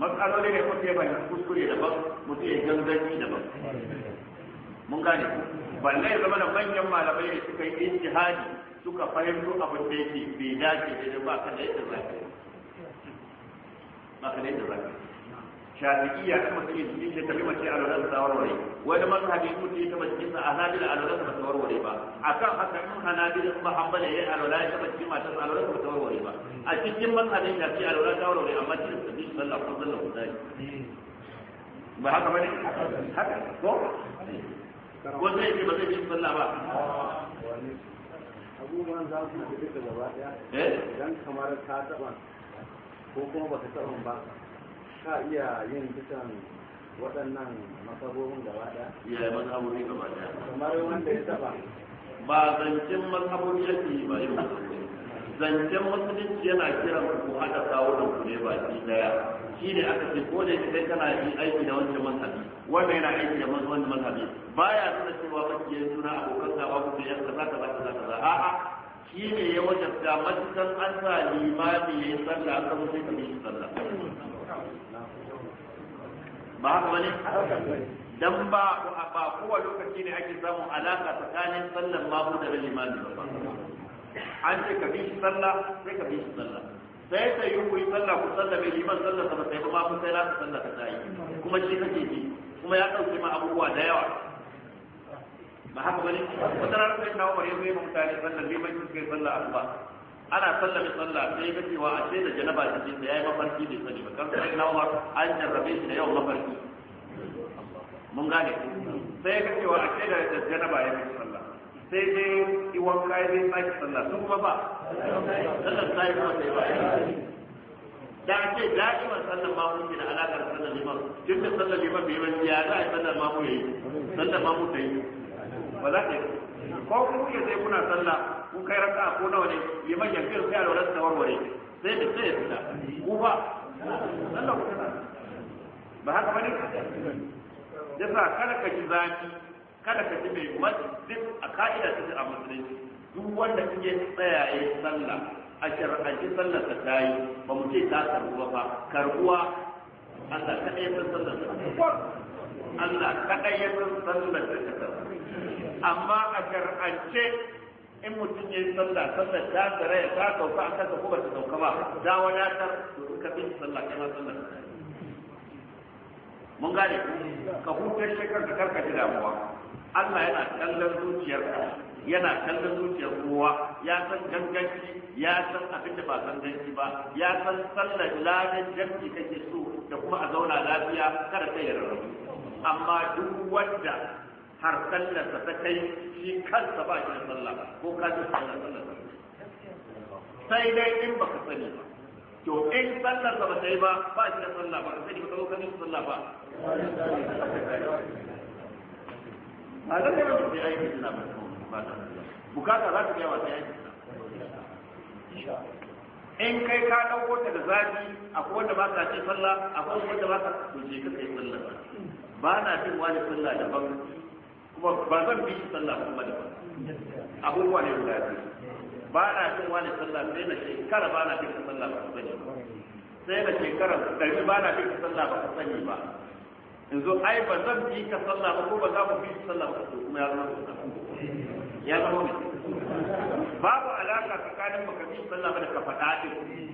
matsalolin ne kuma ba ya kuskure daban mutum ya ganganci daban mun gane balle ya zama da manyan malamai ne suka yi ijtihadi suka fahimto abin da yake bai dace da ba ka da yadda zaka ba ka da yadda zaka shafi'iyya kuma sai ya ce tafi mace a lura da warware wani mazhabi kun ne ta mace sa hanabila a lura da warware ba akan haka in hanabila kuma hanbala yayi a lura ta mace mata a lura da warware ba a cikin mazhabin da ce a lura da warware amma cikin sabbi sallallahu alaihi wasallam ba haka bane haka ko ko zai ji ba zai ji sallah ba abubuwan za su na da gaba daya eh? idan kamar ka taba ko kuma ba ta taba ba ka iya yin kisan waɗannan masabobin gaba ɗaya? Iya, masabobi gaba ɗaya. Kamar wanda ya taɓa. Ba zancen masabobi yake yi ba yau. Zancen musulunci yana kiran ku haɗa kawunan ku ne baki ɗaya. Shi ne aka ce ko da kai kana yi aiki da wancan masabi, wannan yana aiki da wancan masabi. Baya nuna cewa makiyayin suna abokan gaba ku ne kaza kaza kaza kaza. A'a, shi ne ya wajen wajabta matukan an sa limami ya yi sallah kan mutum ya yi sallah. ba haka bane dan ba ba kowa lokaci ne ake samun alaka tsakanin sallan mamu da limami ba an ce ka bi shi sallah sai ka bi shi sallah sai ta yi ku yi sallah ku sallah mai liman sallah ka sai ba ku sai na ka sallah ka sai kuma shi kake bi kuma ya dauke ma abubuwa da yawa ba haka bane wata ranar sai kawo bare mai mutane sallah liman sai sallah asuba ana sallame sallah sai ga cewa a ce da janaba jikin da yayi mafarki bai sani ba kan sai na Umar an jarrabe shi da yau mafarki mun gane sai ga cewa a ce da janaba yayi sallah sai dai iwan kai zai sai sallah sun kuma ba sallar sai ba sai ba da a ce da'iman sallar mamu ke da alaƙar sallar liman tun da sallar liman bai yi ya za a yi sallar mamu ya yi sallar mamu ta yi ba za ka yi ko ku kuke sai kuna sallah ku kai raka ko nawa ne ya manya kai sai alwala ta warware sai da sai da ku ba sallah ku ba haka bane yasa kada ka ji zaki kada ka ji mai matsi duk a ka'ida ta a musulunci duk wanda kike tsayaye sallah a shar'anci Sallah ta tayi ba mu ce ta karuwa ba karuwa Allah kaɗai ya san sallar ta Allah kaɗai ya san Sallah ta ta amma a shar'ance in mutum ya yi sallah sallah ta tsara ya ta sauka a kasa ko ba ta sauka ba da wadatar domin ka bin sallah kana sallah mun gane ka hutar shekar ka karka ji damuwa Allah yana kallon ka yana kallon zuciyar kowa ya san ganganci ya san abin da ba ganganci ba ya san sallar ladan jarki kake so da kuma a zauna lafiya kada ta rarrabu amma duk wanda har sallarsa ta kai shi kansa ba shi da sallah ko ka ji sallar sallar sai dai in ba ka sani ba to in sallar ba ta yi ba ba shi da sallah ba sani ba ka ji sallah ba a zai yana da aiki suna ba bukata za ka ga wa ta aiki in kai ka dauko ta da zafi akwai wanda ba ka ce sallah akwai wanda ba ta to ka kai sallah ba na jin wani sallah daban ba zan bi shi sallah Muhammad ba abubuwa ne guda biyu ba na bin wani sallah sai na shekara ba na bin sallah ba sani ba sai na shekara ɗari ba na bin sallah ba sani ba in ai ba zan bi ka sallah ba ko ba za mu bi sallah ba kuma ya zama ya zama babu alaka tsakanin baka bi sallah ba da ka faɗa din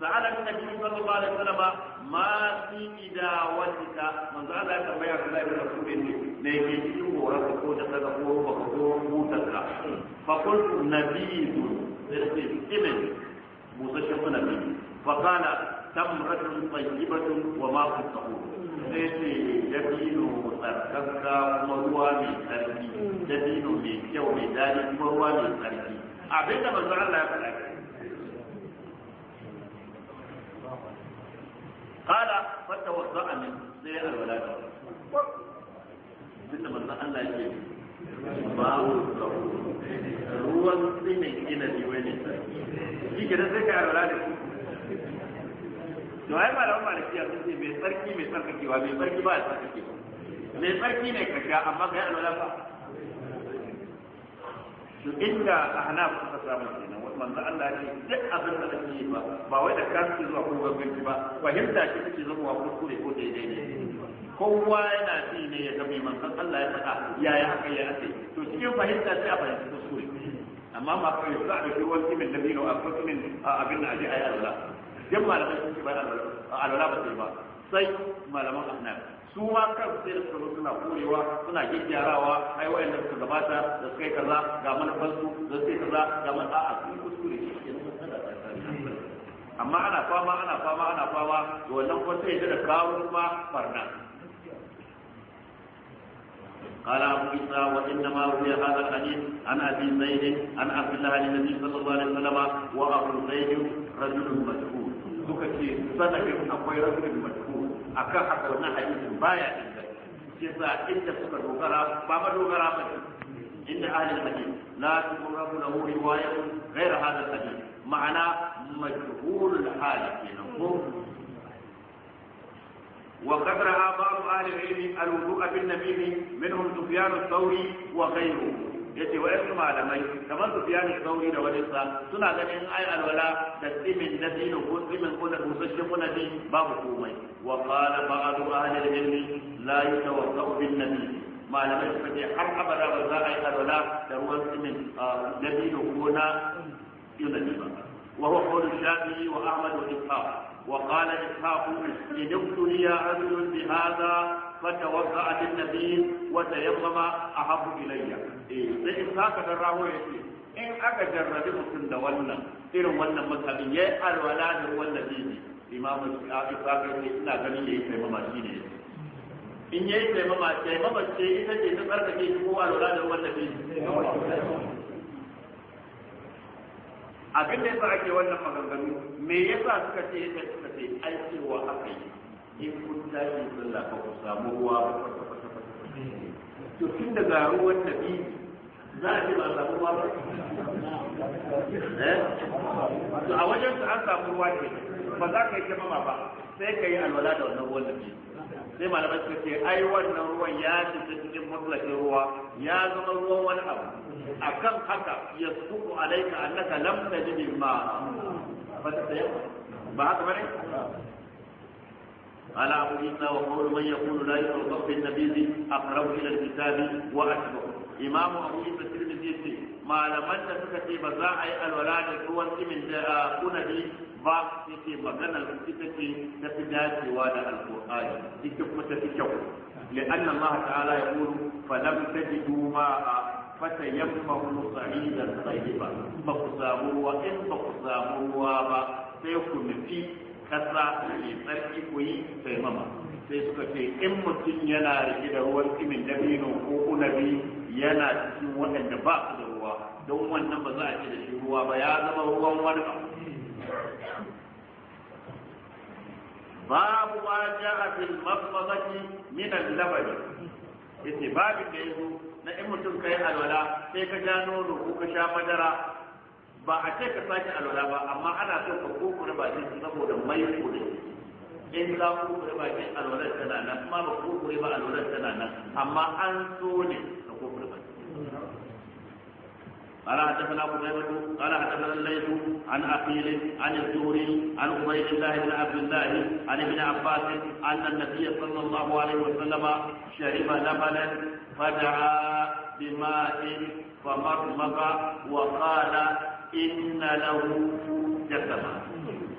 سأل النبي صلى الله عليه وسلم ما في إداوتك من زال يتبع الله برسول لكي تشوفوا ربك وتتلقوا وتقولوا موتك فقلت نبيذ إمن مستشفى نبيذ فقال تمرة طيبة وما تقول sai ce dabino tsarkaka kuma ruwa mai tsarki dabino mai kyau mai daɗi kuma ruwa mai tsarki abin da manzo Allah ya faɗa قال فتوضا من سيء الولادة من من الله يجي باو ruwan tsinin gina liwai ne shi ke nan to ai malaman malikiya ya ce mai sarki mai tsarkakewa mai tsarki ba ya tsarkakewa mai sarki ne ka amma ka alwala ba to inda ahnaf suka samu kenan manzo Allah ce duk abin da kake yi ba ba wai da ka zuwa ko gaggaci ba fahimta shi kake zuwa kuskure ko daidai ne kowa yana ji ne ya ga mai manzon Allah ya faɗa yaya aka yi aka to cikin fahimta sai a fahimci kuskure amma ma fa yusa da fi wani min da bino akwai kimin abin da aje ayi Allah dan malamai sun ce ba alwala ba sai ba sai malaman ahnaf su ma kan sai da suka suna korewa suna gyaggyarawa ai wayannan suka gabata da suka yi kaza ga manufan su da suka yi kaza ga man a sun kuskure amma ana fama ana fama ana fama da wannan kuma sai da kawo kuma farna قال أبو عيسى وإنما روي هذا الحديث عن أبي زيد عن عبد الله عن النبي صلى الله عليه وسلم وأبو زيد رجل مجهول. صدق أبو رجل مجهول. akan haka wannan hadisin baya inganta shi sa inda suka dogara ba ma dogara ba inda ahli hadis la tuqrabu lahu riwayatun غير هذا الحديث معنى مجهول الحال بينهم وقد رأى بعض أهل العلم الوضوء بالنبيذ منهم سفيان الثوري وغيره yace wa yanzu malamai kamar su biya sauri da wani sa suna ganin ai alwala da tsimin na dinin ko tsimin ko da busasshen kuna babu komai wa qala ba'du ahli al-ilmi la yatawaffaqu bin nabi malamai suka ce har abada ba za a yi alwala da ruwan tsimin na dinin ko na yunani ba وهو قول الشافعي واحمد واسحاق وقال اسحاق ان ابتلي رجل بهذا فتوضا للنبي وتيمم احب الي eh sai in saka dan rawo yace in aka jarrabi mutum da wannan irin wannan matsalin yayi alwala da wannan dini imamu shafi saka ne ina ganin yayi taimama shine in yayi taimama taimama ce ita ce ta tsarkake shi ko alwala da wannan dini abin da yasa ake wannan maganganu me yasa suka ce ita suka ce ai cewa aka yi in kun tashi sallah ba ku samu ruwa ba to tun daga ruwan nabi za a ce ba a samu ruwa ba eh? to a wajen su an samu ruwa ke ba za ka yi jama'a ba sai ka yi alwala da wannan ruwan nabi sai malamai suka ce ai wannan ruwan ya ce ta cikin matsalacin ruwa ya zama ruwan wani abu A kan haka ya suku alaika annaka lam tajid ma Ba tayammam ba haka bane قال أبو عيسى وقول من يقول لا يؤمن بالنبي أقرب إلى الكتاب وأشبه إمام أبو عيسى الترمذي ما لم تكتي بزاعي الولاد هو من كنبي ba yake maganar ita ce ta fi dacewa da alƙur'ani ita kuma لأن الله تعالى يقول فلم تجدوا ماء فتيمموا صعيدا طيبا فقساموا وإن فقساموا وابا سيكون في kasa mai tsarki ku yi taimama sai suka ce in mutum yana rike da ruwan kimin dabino ko unabi yana cikin waɗanda ba su da ruwa don wannan ba za a ce da shi ruwa ba ya zama ruwan wani abu babu ja a fil mafazaki min al-labani yace babu da yazo na in mutum kai alwala sai ka ja nono ko ka sha madara ba a ce ka sake alwala ba amma ana so ka kokura bakin saboda mai kure in za ku kure bakin alwalar tana nan kuma ba ku ba alwalar tana nan amma an so ne ka kokura bakin قال حدثنا ابو بكر قال حدثنا الليث عن عقيل عن الزهري عن عبيد الله بن عبد الله عن ابن عباس ان النبي صلى الله عليه وسلم شرب لبنا فدعا بماء فمضمض وقال inna lahu jasama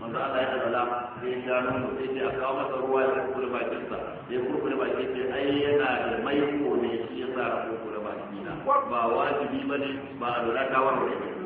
manzo Allah ya dalala sai ya gano sai ya kawo masa ruwa ya ba ki sa ya ba ki sai ai yana da ko ne shi ya sa ba ki na ba wajibi bane ba alwala ta ne.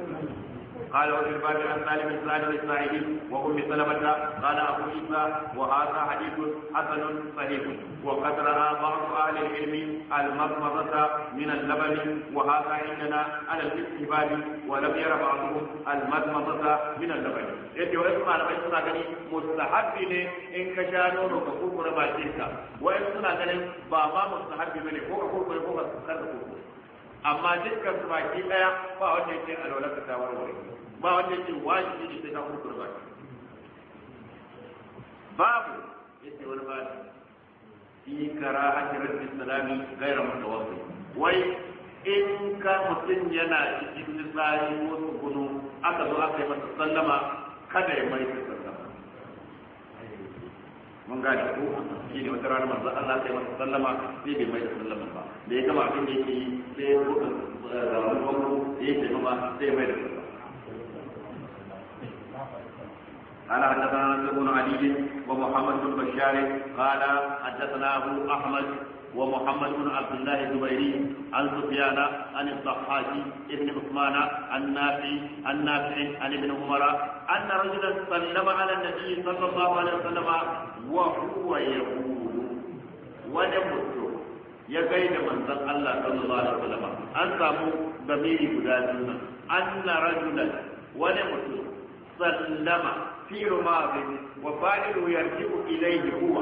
قال وفي الباب عن سالم سالم الساعدي وام سلمة قال ابو عيسى وهذا حديث حسن صحيح وقد راى بعض اهل العلم المضمضة من اللبن وهذا عندنا على الاستهبال ولم ير بعضهم المضمضة من اللبن yake wa suna da suna gani mustahabbi ne in ka sha nono ka kurkure bakin ka wa suna ganin ba ma mustahabbi bane ko ka kurkure ko ka karka kurkure amma dukkan su baki daya ba wanda yake alwala ta ta warware ba wanda yake wajibi ne sai ka kurkure baki babu yace wani ba fi karahati rabbi salami gaira mutawassi wai in ka mutum yana cikin misali ko kunu aka zo aka yi masa sallama kada ya mai sallama mun gane ko shi ne wata rana manzo Allah sai masa sallama sai bai mai da sallama ba da ya gama abin da yake yi sai ya buɗe eh, zaɓen bango ya yi taimama sai mai da قال حدثنا نصر بن علي ومحمد بن بشار قال حدثنا ابو احمد ومحمد بن عبد الله الزبيري عن سفيان عن الضحاك بن عثمان عن نافع عن نافع عن ابن عمر أن رجلا سلم على النبي صلى الله عليه وسلم وهو يقول ونمت ya gaida manzon Allah sallallahu alaihi wasallam an samu gamiri guda biyu anna rajulan wani mutum sallama fi rumabin wa fa'ilu yarji'u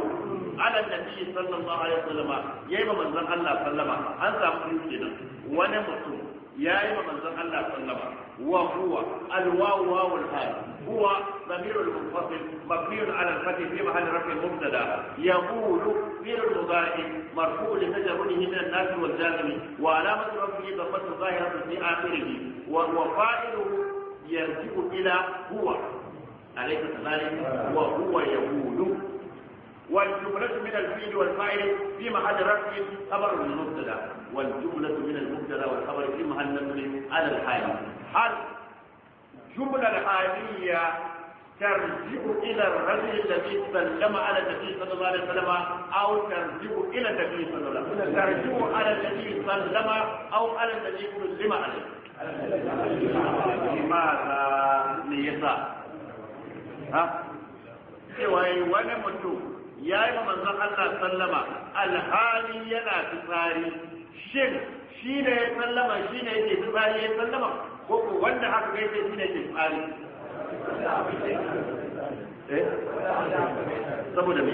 على النبي صلى الله عليه وسلم يا يما منزل الله سلم أن سامحنا ونمتم يا إما منزل الله سلم وهو الواو واو الهاء هو ضمير المنفصل مبني على الفتح في محل رفع مبتدا يقول في المضارع مرفوع لتجرده من الناس والجازم وعلامة رفعه ضمة ظاهرة في آخره وهو وفاعله يرجع إلى هو أليس كذلك آه. وهو يقول والجملة من الفيل والفاعل في محل رفع خبر المبتدا والجملة من المبتدا والخبر في محل نصب على الحال هل الجملة الحالية ترجع إلى الرجل الذي سلم على النبي صلى الله عليه وسلم أو ترجع إلى النبي صلى الله عليه وسلم ترجع على النبي صلى عليه وسلم أو على النبي سلم عليه لماذا ليسا ها؟ سوى wani ya yi wa manzon Allah sallama alhali yana fitsari shin shi da ya sallama shi ne yake fitsari ya sallama ko ko wanda haka kai sai shi ne yake fitsari eh? saboda me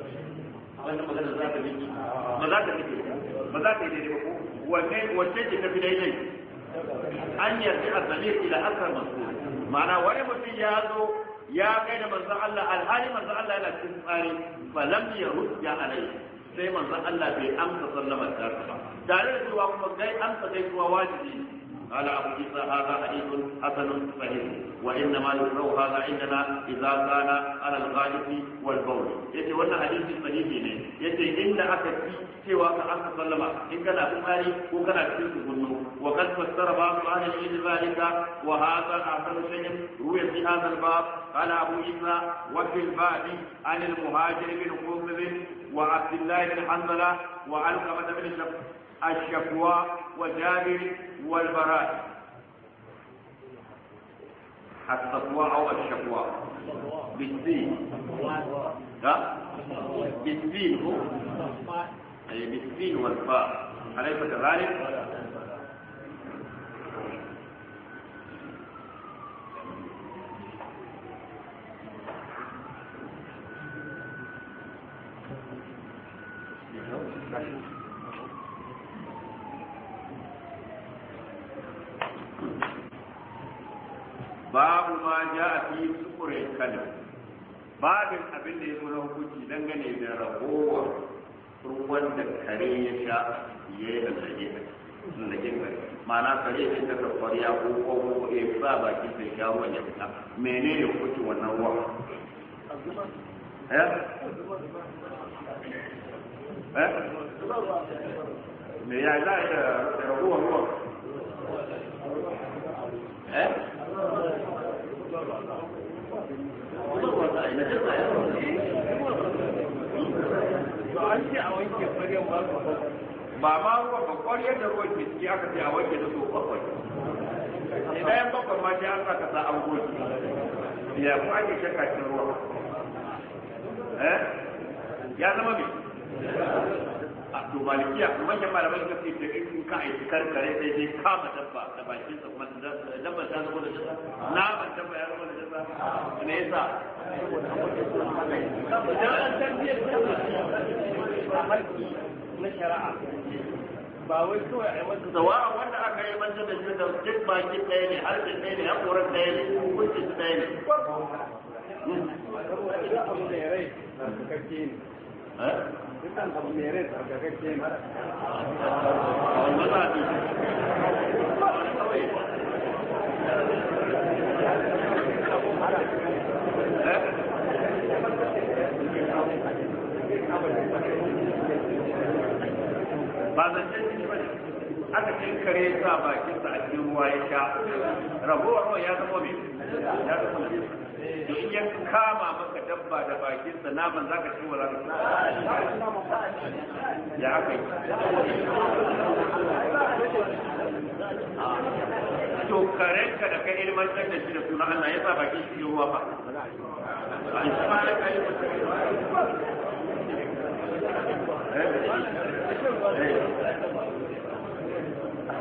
wannan magana za ka miki ba za ka miki ba za ka yi daidai ba ko wanne wanne ce tafi daidai an yarda azamir ila asar masu ma'ana wani mutum ya zo ya kai da manzon Allah alhali manzon Allah yana cikin tsari Ba lam yarud ya alai sai manzon Allah bai amsa sallamar ta ba tare da cewa kuma gai amsa gai kuma wajibi على أبو عيسى هذا حديث حسن صحيح وإنما يقرأ هذا عندنا إذا كان على الغالب والبول يتي وانا حديث صحيح يعني يتي إن أكد سوى واقع أنك إن كان أبو ماري وكان أكد في وقد فسر بعض أهل العلم ذلك وهذا أحسن شيء روي في هذا الباب قال أبو عيسى وفي الباب عن المهاجر من قوم وعبد الله بن حنظلة وعلقمة بن شبر الشكوى والدابر والبراء التقوى أو الشكوى بالسين ها بالسين هو أي بالسين والفاء أليس كذلك؟ babu ma ja fi sukure kalin babin abin da ya zo na hukunci dangane da ragowar ruwan da kare ya sha ya yi da zage da jin kare ma'ana kare shi da ya ko ko ya ba baki sai sha wani ya mene menene hukuncin wannan ruwan eh eh me ya da ragowar ruwan eh ba ma ruwa ba kwaryar da ruwan ke ciki aka ce a wanke da so bakwai idan ya bakwai ma an saka goji ya kuma ake ruwa eh? ya zama mai to malikiya manyan malamai suka ce da in ka aiki karkare sai dai kama dabba da bakin sa kuma dabba ta zama da dabba na ba dabba ya zama da dabba ne yasa da an tarbiyyar dabba na shari'a ba wai kawai a wata zawa wanda aka yi manta da shi da duk baki ɗaya ne har da ɗaya ne ya koran ɗaya ne hukuncin ɗaya ne saboda idan abu da ya rai na sukakke ne eh? ba zan canji ba ne aka cin kare ya sa bakin sa a cikin ruwa ya sha rabuwar ruwa ya zama mai ya zama da in ya kama maka dabba da bakin sa naman zaka ci wa zaka ya aka yi to ka da ka ilmantar da shi da suna Allah ya sa bakin shi ruwa ba an shi da kai mutum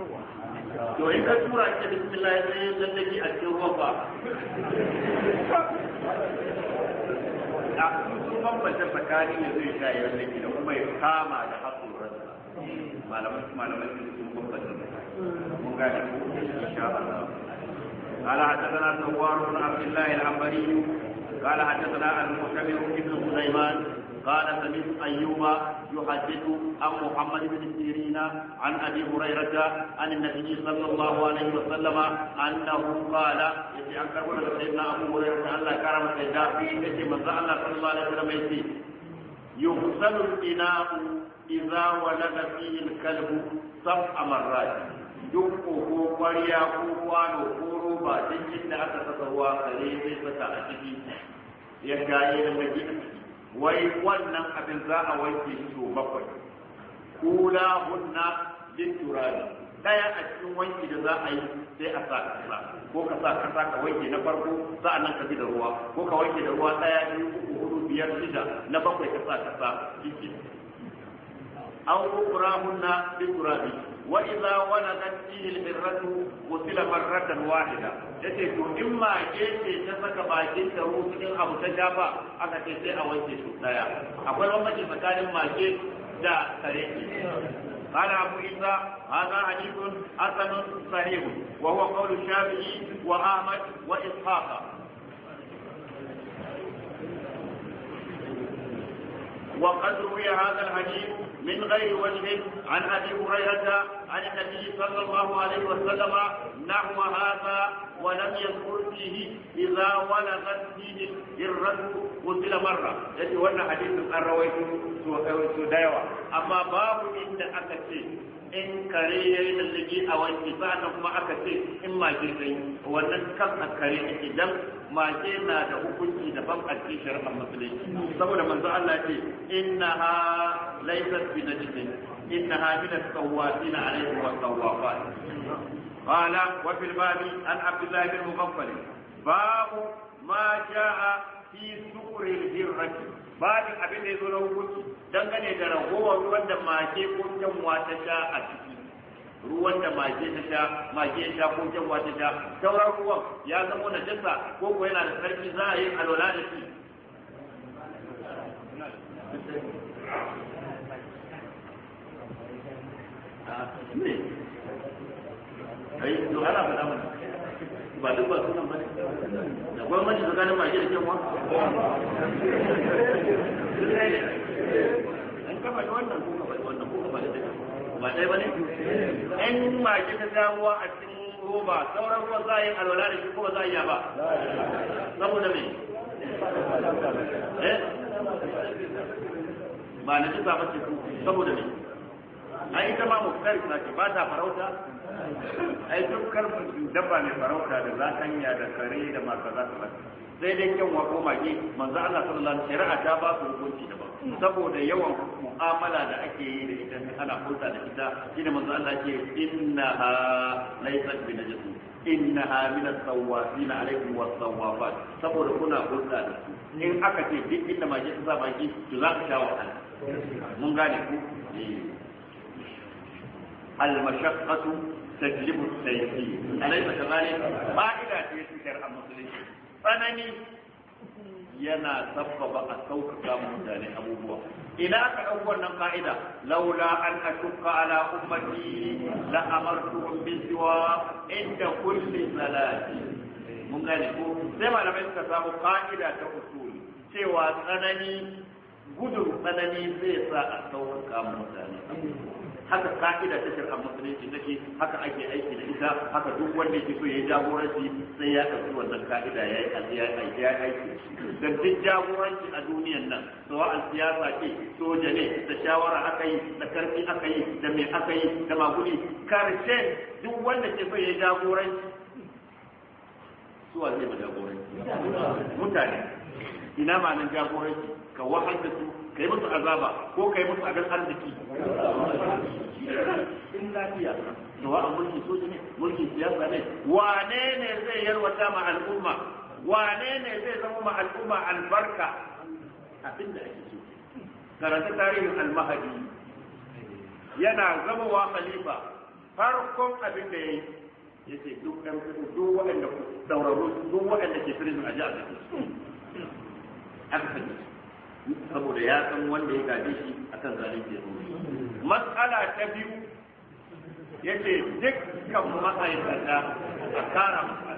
to in ka tura ki bismillah sai ya san dake a cikin ruwan ba a sun bambanta tsakanin ya zai sha ya zai da kuma ya kama da haƙƙin ransa malaman malaman sun bambanta mun gane ko insha Allah قال حدثنا سوار بن عبد الله العنبري قال حدثنا المعتمر بن سليمان قال سمعت أيوب يحدث عن محمد بن سيرين عن أبي هريرة عن النبي صلى الله عليه وسلم أنه قال يتي أنكر سيدنا أبو هريرة أن لا كرم سيدا يتي من الله صلى الله عليه وسلم يتي يغسل الإناء إذا ولد فيه الكلب سبع مرات duk ko kwariya ko kwano ko roba duk inda aka saka ruwa kare zai saka a ciki ya gaye da mai wai wannan abin za a wanke shi so bakwai kula hunna litturabi daya a cikin wanki da za a yi sai a sa kasa ko ka sa kasa ka wanke na farko sa'annan ka bi da ruwa ko ka wanke da ruwa daya biyu uku hudu biyar shida na bakwai ka sa kasa cikin أو أخراهن بتراب وإذا ولدت فيه الحرة قتل مرة واحدة yace to in ma ke ce ta saka bakin da ruwa cikin abu ta ja ba aka ce sai a wanke su daya akwai bambanci tsakanin mage da kare قال أبو عيسى هذا حديث حسن صحيح وهو قول الشافعي wa وإسحاق وقد روي هذا الحديث من غير وجه عن ابي هريره عن النبي صلى الله عليه وسلم نحو هذا ولم يذكر فيه اذا ولغت فيه الرد قتل مره يعني هو حديث ان رويته سو اما باب ان اكثر in kare ya yi lallabi a wani sa'annan kuma aka ce in mage zai wannan kan a kare ake dan mage na da hukunci ban a cikin shari'ar musulunci saboda manzo Allah ce na ha jikin laysat bi najdin innaha min as-sawafin alayhi wa sawafat qala wa fil babi an abdullah bin mughaffal babu ma jaa fi sukurin hirrati babin abin da ya zo na hukunci dangane da ragowar ruwan da mage ko kyanwa ta sha a ciki ruwan da mage ta sha mage ta ko kyanwa ta sha sauran ruwan ya zama na jasa ko ko yana da sarki za a yi alola da shi ne ai to ana faɗa mana ba duk ba sunan ba ne da kuma mace tsakanin da kyanwa an kafa da wannan ko da wannan ko da ba ɗaya ba ne ɗan ta damuwa a cikin roba sauran ruwa za a yi alwala da shi ko za a yi ba saboda me eh? ba na ci ce saboda me ita ma mu kai ba ta farauta ai duk karfin dabba mai farauta da zakanya da kare da masu za ta sai dai kyan wako mage manzo Allah sallallahu alaihi wasallam ta ba su hukunci da ba saboda yawan mu'amala da ake yi da ita ana hulɗa da ita shine manzo Allah ke innaha laysat bi najis innaha min as-sawafin alaikum was-sawafat saboda kuna hulɗa da su in aka ce duk inda mage ta sa baki to za ka sha wahala mun gane ku eh. al-mashaqqatu tajlibu sayyi alaysa kadhalik fa'ida ce cikar a musulunci tsanani yana sabbaba a sauƙaƙa mutane abubuwa Ina تأول قاعدة لولا أن أشق على أمتي لأمرتهم بالسواء عند كل صلاة mun gane ko sai malamai suka samu ka'ida ta usuli cewa tsanani gudun tsanani zai sa a sauƙaƙa mutane haka ka'ida ta shirka musulunci take haka ake aiki da ita haka duk wanda yake so ya yi jagoranci sai ya ɗauki wannan ka'ida ya yi aiki ya aiki dan duk jagoranci a duniyan nan sawa siyasa ce soja ne da shawara aka yi da karfi aka yi da mai aka yi da maguli karshe duk wanda ke so ya yi jagoranci suwa zai ma jagoranci mutane ina ma nan jagoranci ka wahalta da su kai musu azaba ko kai musu abin arziki in lafiya da wa'an mulki soji ne mulki siyasa ne wane ne zai yarwata ma al'umma wane ne zai zama ma al'umma albarka abin da ake so karanta tarihin almahadi yana zama wa khalifa farkon abin da ya yi ya ce duk ɗan duk waɗanda daurarru duk waɗanda ke firin a ji a aka sanya saboda ya san wanda ya gaje shi akan zalunci ya matsala ta biyu ya yace dukkan ma'aikata a kara musu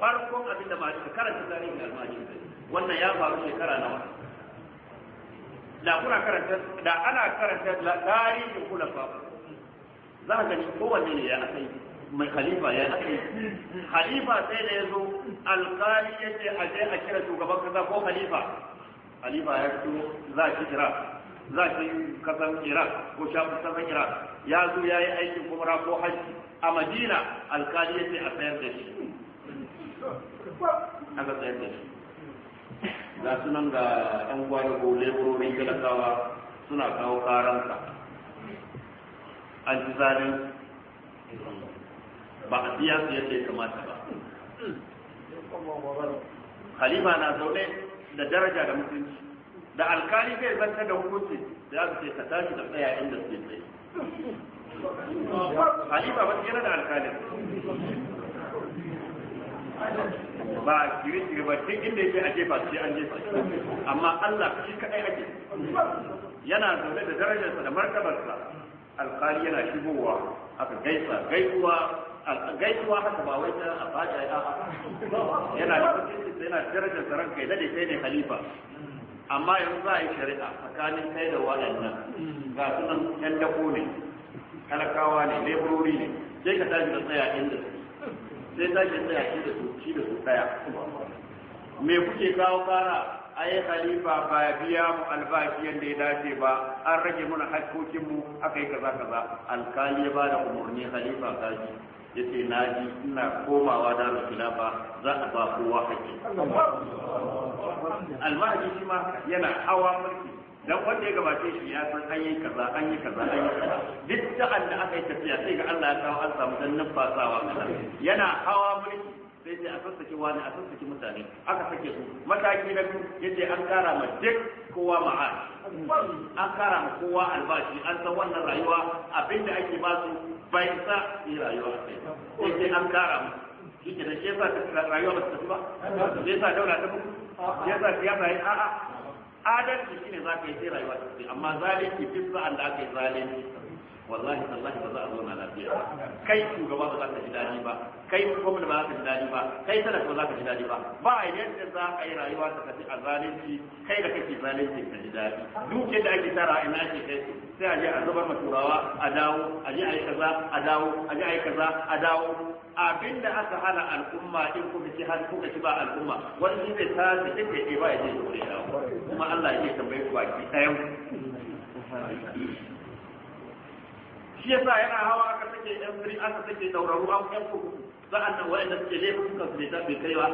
farkon abin da masu karanta tarihin albashi wannan ya faru shekara nawa da kuna karanta da ana karanta tarihin kula fa za ka gani kowanne ne ya asali mai khalifa ya ake khalifa sai da yazo alqali alƙali a je a kira shugaban kasa ko khalifa khalifa ya zo za shi kira za shi kasan iraq ko sha kasan iraq ya zo ya yi aikin ko haji a madina alƙali ya a sayar da shi aka sayar da shi ga sunan ga yan ko leburorin talakawa suna kawo karanta an ci zalin ba a biya su yadda ya kamata ba khalifa na zaune da daraja da mutunci da alkali zai zanta da hukunci da ya su ce ka tashi da tsaya inda su tsaye khalifa ba yana da alkali ba kiri ba cikin inda yake a jefa sai an jefa amma Allah shi kaɗai ake yana zaune da darajarsa da martabarsa alƙali yana shigowa aka gaisa gaisuwa gaisuwa haka ba wai ta a faɗi a yana da mutunci yana darajar tsaron kai da kai ne khalifa amma yanzu za a yi shari'a tsakanin kai da waɗannan ga nan yan dako ne talakawa ne leburori ne sai ka tashi da tsaya inda su sai tashi da tsaya da su shi da su tsaya me kuke kawo kara ai khalifa ba biya mu albashi yadda ya dace ba an rage muna hakkokin mu aka yi kaza kaza alkali ya bada umarni khalifa kaji yace naji ina komawa da khilafa za a ba kowa hakki almahdi shi ma yana hawa mulki dan wanda ya gabace shi ya san an yi kaza an yi kaza an yi kaza duk da aka yi tafiya sai ga Allah ya kawo an samu dan nufasawa yana hawa mulki sai ce a sassake wani a sassake mutane aka sake su mataki na biyu yadda an kara ma duk kowa ma'ashi an kara ma kowa albashi an san wannan rayuwa abinda ake ba su bai sa yi rayuwa a kai an kara ma shi ke da shi yasa rayuwa ba su tafi ba shi yasa daura ta mutu shi yasa siyasa yi? a'a adalci shine za ka yi sai rayuwa ta tafi amma zalunci duk sa'an da aka yi zalunci wallahi tallahi ba za a na lafiya ba kai shugaba ba za ka ji daɗi ba kai gwamnati ba za ka ji daɗi ba kai talaka ba za ka ji daɗi ba ba yadda za a yi rayuwa ta tafi a zalunci kai da kake zalunci ka ji daɗi duke da ake tara ina ake kai sai a je a zubar ma turawa a dawo a je a yi kaza a dawo a je a yi kaza a dawo abin da aka hana al'umma in kuma ci har kuka ci ba al'umma wani zai tashi take ɗeba ya je ya kuma Allah ya tambaye ku baki ɗayan shi yasa yana hawa aka take yan firi aka sake dauraru an yan kuku sa'annan wa'anda suke laifin kan su bai bai kaiwa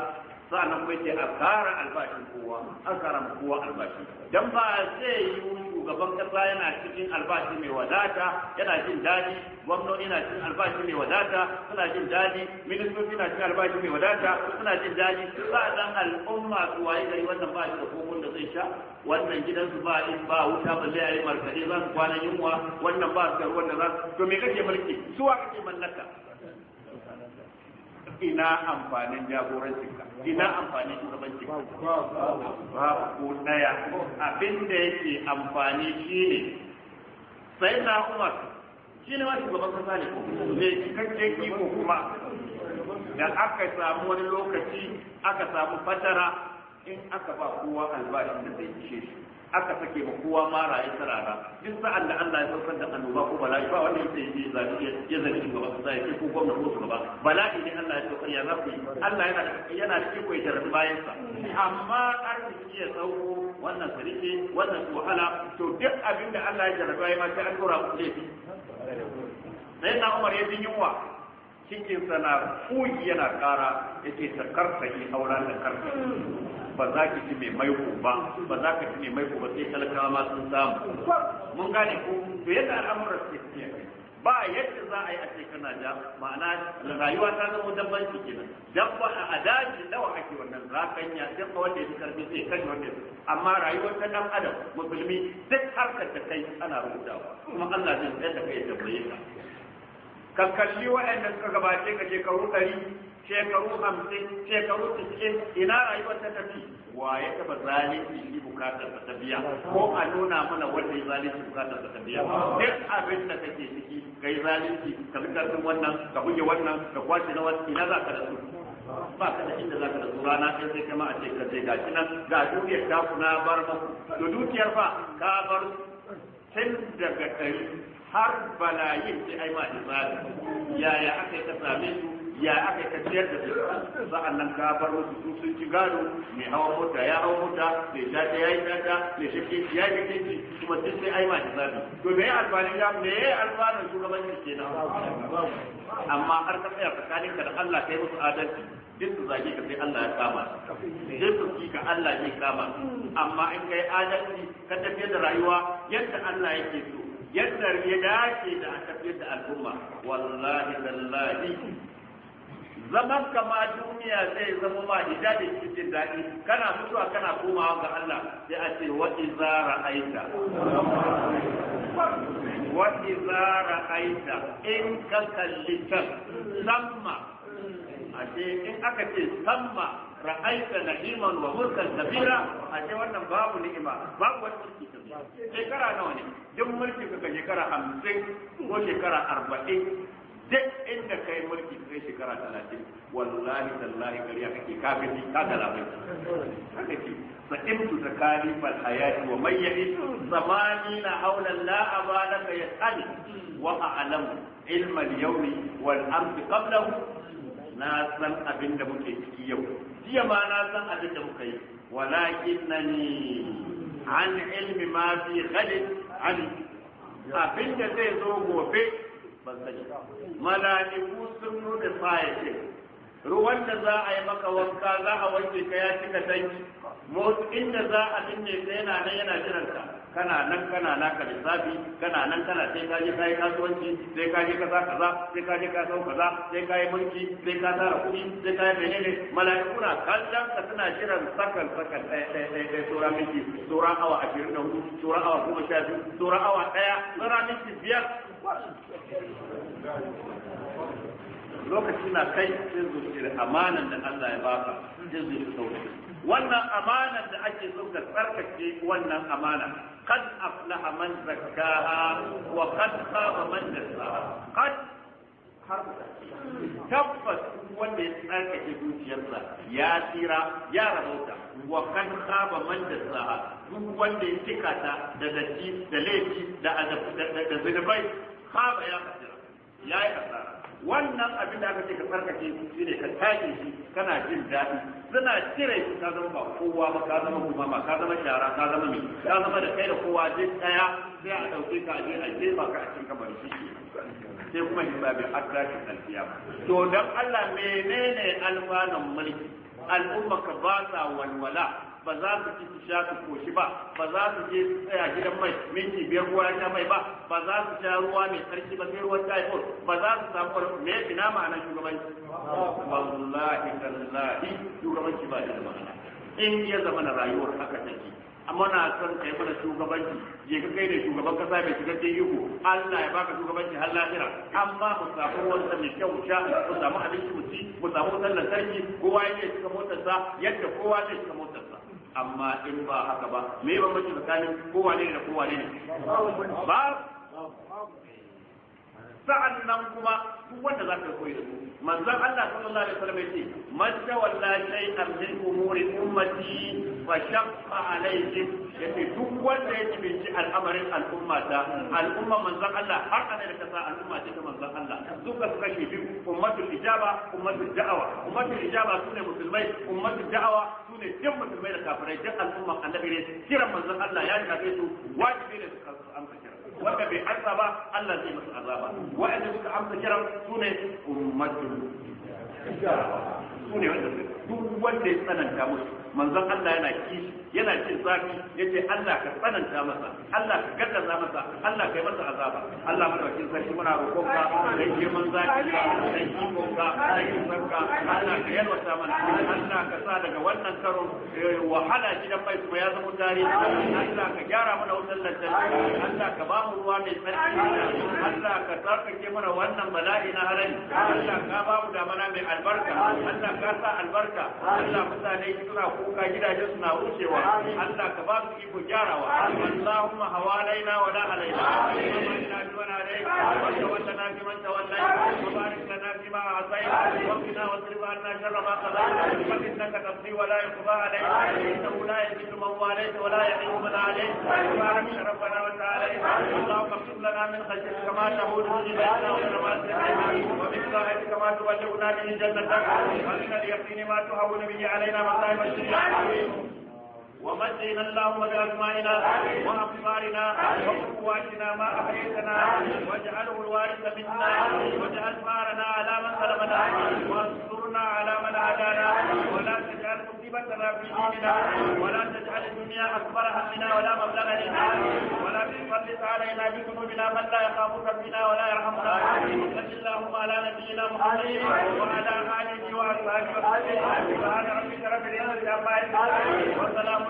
sa'annan kuma yake a kara albashin kowa an kara kowa albashi dan ba zai yi shugaban kasa yana cikin albashi mai wadata yana jin daɗi gwamnoni na cikin albashi mai wadata suna jin daɗi ministoci na cikin albashi mai wadata suna jin daɗi sa'an al'umma su waye gari wannan ba shi da kokon da zai sha wannan gidansu ba in ba wuta ba zai yi markaɗe za su kwana yunwa wannan ba su da ruwan da za su to me kake mulki suwa kake mallaka ina amfanin jagorancinka ina amfanin shugabancinka Ba ku daya abin da yake amfani shi ne. sai na umar shi ne ma shugaban kasa ne ne cikakken kiko kuma da aka samu wani lokaci aka samu fatara in aka ba kowa albashin da zai ishe shi aka sake ba kowa mara ya sarara duk sa'an da Allah ya saukar da annoba ko bala'i ba wanda yake yi zabi ya zabi shugaba sai ya ko gwamnati ko shugaba bala'i ne Allah ya saukar ya zafi Allah yana yana cikin koyi da bayan sa amma arziki ya sauko wannan sarike wannan wahala to duk abin da Allah ya jarraba ya ma sai an dora ku laifi sai na Umar ya jin yunwa cikin sana kugi yana kara yake ta sai yi da karfi ba za ki ci mai maiko ba ba za ka ci mai maiko ba sai talakawa ma sun samu mun gane ko to yadda al'amuran suke tafiya ba yadda za a yi a ce kana ja ma'ana rayuwa ta zama dabbanci kenan dabba a daji nawa ake wannan rakanya, sai ba wanda ya fi karfi sai kan wanda amma rayuwar ta dan adam musulmi duk harkar da kai ana rubutawa kuma Allah zai tsaya da kai da bayyana ka kalli waɗanda suka gabace ka shekaru ɗari shekaru hamsin shekaru cikin ina rayuwar ta tafi wa ya taba zalunci shi bukatar ta tafiya ko a nuna mana wanda ya zalunci bukatar ta tafiya duk abin da kake ciki kai zalunci ka bi karfin wannan ka buge wannan ka kwace na wasu ina za ka da su ba ka da inda za ka da su rana sai sai kama a ce ka ce ga shi nan ga dukiyar ta kuna bar maku to dukiyar fa ka bar tun daga ɗari har balayin sai ai ma izali yaya aka yi ka same su ya aka ka ciyar da su sa'an nan ka bar musu su sun ci gado mai hawa mota ya hawa mota mai shata ya yi shata mai shakki ya yi shakki kuma duk sai ai ma shi zabi to me alfani ya me alfani shugabanci na amma har ka tsaya tsakanin ka da Allah kai musu adalci duk su zage ka sai Allah ya kama duk su ki ka Allah ya kama amma in kai adalci ka tafi da rayuwa yadda Allah yake so yadda ya dace da a tafiyar da al'umma wallahi tallahi zaman kama duniya zai zama ma hijabi cikin daɗi kana mutuwa kana komawa ga Allah sai a ce wa iza ra'aita wa iza ra'aita in ka kalli can samma a ce in aka ce samma ra'aita iman wa mulkan kabira a ce wannan babu ni'ima babu wani mulki kabira shekara nawa ne duk mulki ka shekara hamsin ko shekara arba'in duk inda kai mulki sai shekara talatin wallahi tallahi kariya kake kafin ka ga labai haka ce sa'imtu zakari fal hayati wa man ya'itu zamani na haula la abalaka yas'al wa a'lamu ilma al-yawmi wal amsi qablahu na san abin da muke ciki yau jiya ma na san abin da muka yi ni. an ilmi ma fi ghalib an abin da zai zo gobe ban sani sun nuna ruwan da za a yi maka wanka za a wanke ka ya cika tanki motsin da za a binne ka yana nan yana jiran ka kana nan kana naka lissafi kana nan kana sai ka je kai kasuwanci sai ka je kaza kaza sai ka je ka sau kaza sai ka yi mulki sai ka tara kuɗi sai ka yi menene mala'iku na kallon ka suna jiran sakan sakan ɗaya ɗaya ɗaya ɗaya tsora miki tsora awa ashirin da hudu tsora awa goma sha biyu tsora awa ɗaya tsora miki biyar lokaci na kai sai zuciyar amanan da Allah ya baka sai zuciyar sauri wannan amanan da ake so ka tsarkake wannan amana قد أفلح من زكاها وقد خاب من دساها قد tabbas wanda ya tsarkake zuciyarsa ya tsira ya rahota wa kan khaba man da duk wanda ya cika ta da datti da laifi da azabu da ya kasira wannan abin da aka ce ka tsarkake shi ne ka take shi kana jin daɗi suna cire shi ka zama ba kowa ba ka zama ba, ka zama shara ka zama mai ka zama da kai da kowa je ɗaya sai a ɗauke ka a je ba ka a cikin kamar shi sai kuma hisabin akrashin alkiyama to dan Allah menene alfanan mulki al'umma ka ba sa walwala ba za su ci su sha su koshi ba ba za su je su tsaya gidan mai minti biyar ruwa ya mai ba ba za su sha ruwa mai tsarki ba sai ruwan typhoid ba za su samu wani me ina ma'ana shugabanci wallahi tallahi shugabanci ba da ma'ana in ya zama na rayuwar haka take amma na son kai mana shugabanci je ka kai ne shugaban kasa mai cikakken iko Allah ya baka shugabanci har lahira amma mu samu wanda mai kyau sha mu samu abinci mu ci mu samu sallan sarki, kowa ya cika motarsa yadda kowa zai shiga motar amma in ba haka ba me ba mace tsakanin kowa ne da kowa ne ba sa'an nan kuma duk wanda za ka koyi da su manzon Allah sallallahu alaihi wasallam yace man wallahi shay'an min umuri ummati wa shaqqa alayhi yace duk wanda ya jibinci al'amarin al'umma ta al'umma manzon Allah har kana da kasa al'umma ce ta manzon Allah duka suka shi bi ummatul ijaba ummatul da'awa ummatul ijaba sune musulmai ummatul da'awa ne duk musulmai da kafirai duk al'umma annabi ne kiran manzon Allah ya shafe su wajibi ne su amsa kiran wanda bai amsa ba Allah zai masa azaba wa'anda suka amsa kiran su ne ummatul su ne wanda duk wanda ya tsananta musu manzon Allah yana kishi yana cin zafi yace Allah ka tsananta masa Allah ka gaddaza masa Allah ka yi masa azaba Allah madaukakin sarki muna roƙon ka da yake man zaki ka da ikon ka da ikon ka Allah ka yalwata mana Allah ka sa daga wannan karo eh, wahala gidan mai kuma ya zama tare Allah ka gyara mana wannan lantarki Allah ka ba mu ruwa mai tsarki Allah ka tsarkake mana wannan bala'i na harari Allah ka ba mu damana mai albarka Allah kasa albarka Allah mutane suna kuka gidaje suna rushewa Allah ka ba su iko gyarawa Allahumma hawalaina wa la alaina amin na duwana dai wanda wanda na fi manta wallahi mubarak lana fi ya asai wa kina wa sirba anna sharra ma qala wa inna ka tafdi wa la yuqba alai inna la yuqba man walai wa la yuqba man alai wa amin rabbana wa ta'ala Allahumma qul lana min khashyat kama tahul min ghayna wa min ghayna wa min ghayna kama tuballighuna min jannatak اليقين ما تهون به علينا مصائب الدنيا ومتعنا اللهم بأسمائنا وأبصارنا وقواتنا ما أحييتنا واجعله الوارث منا واجعل ثارنا على من ظلمنا وانصرنا على من عادانا ولا تجعل مصيبتنا في ديننا ولا تجعل الدنيا أكبر همنا ولا مبلغ لنا ولا تسلط علينا بذنوبنا من لا يخافك فينا ولا يرحمنا صل اللهم على نبينا محمد وعلى آله وأصحابه وسلم سبحان ربك رب العزة عما يصفون وسلام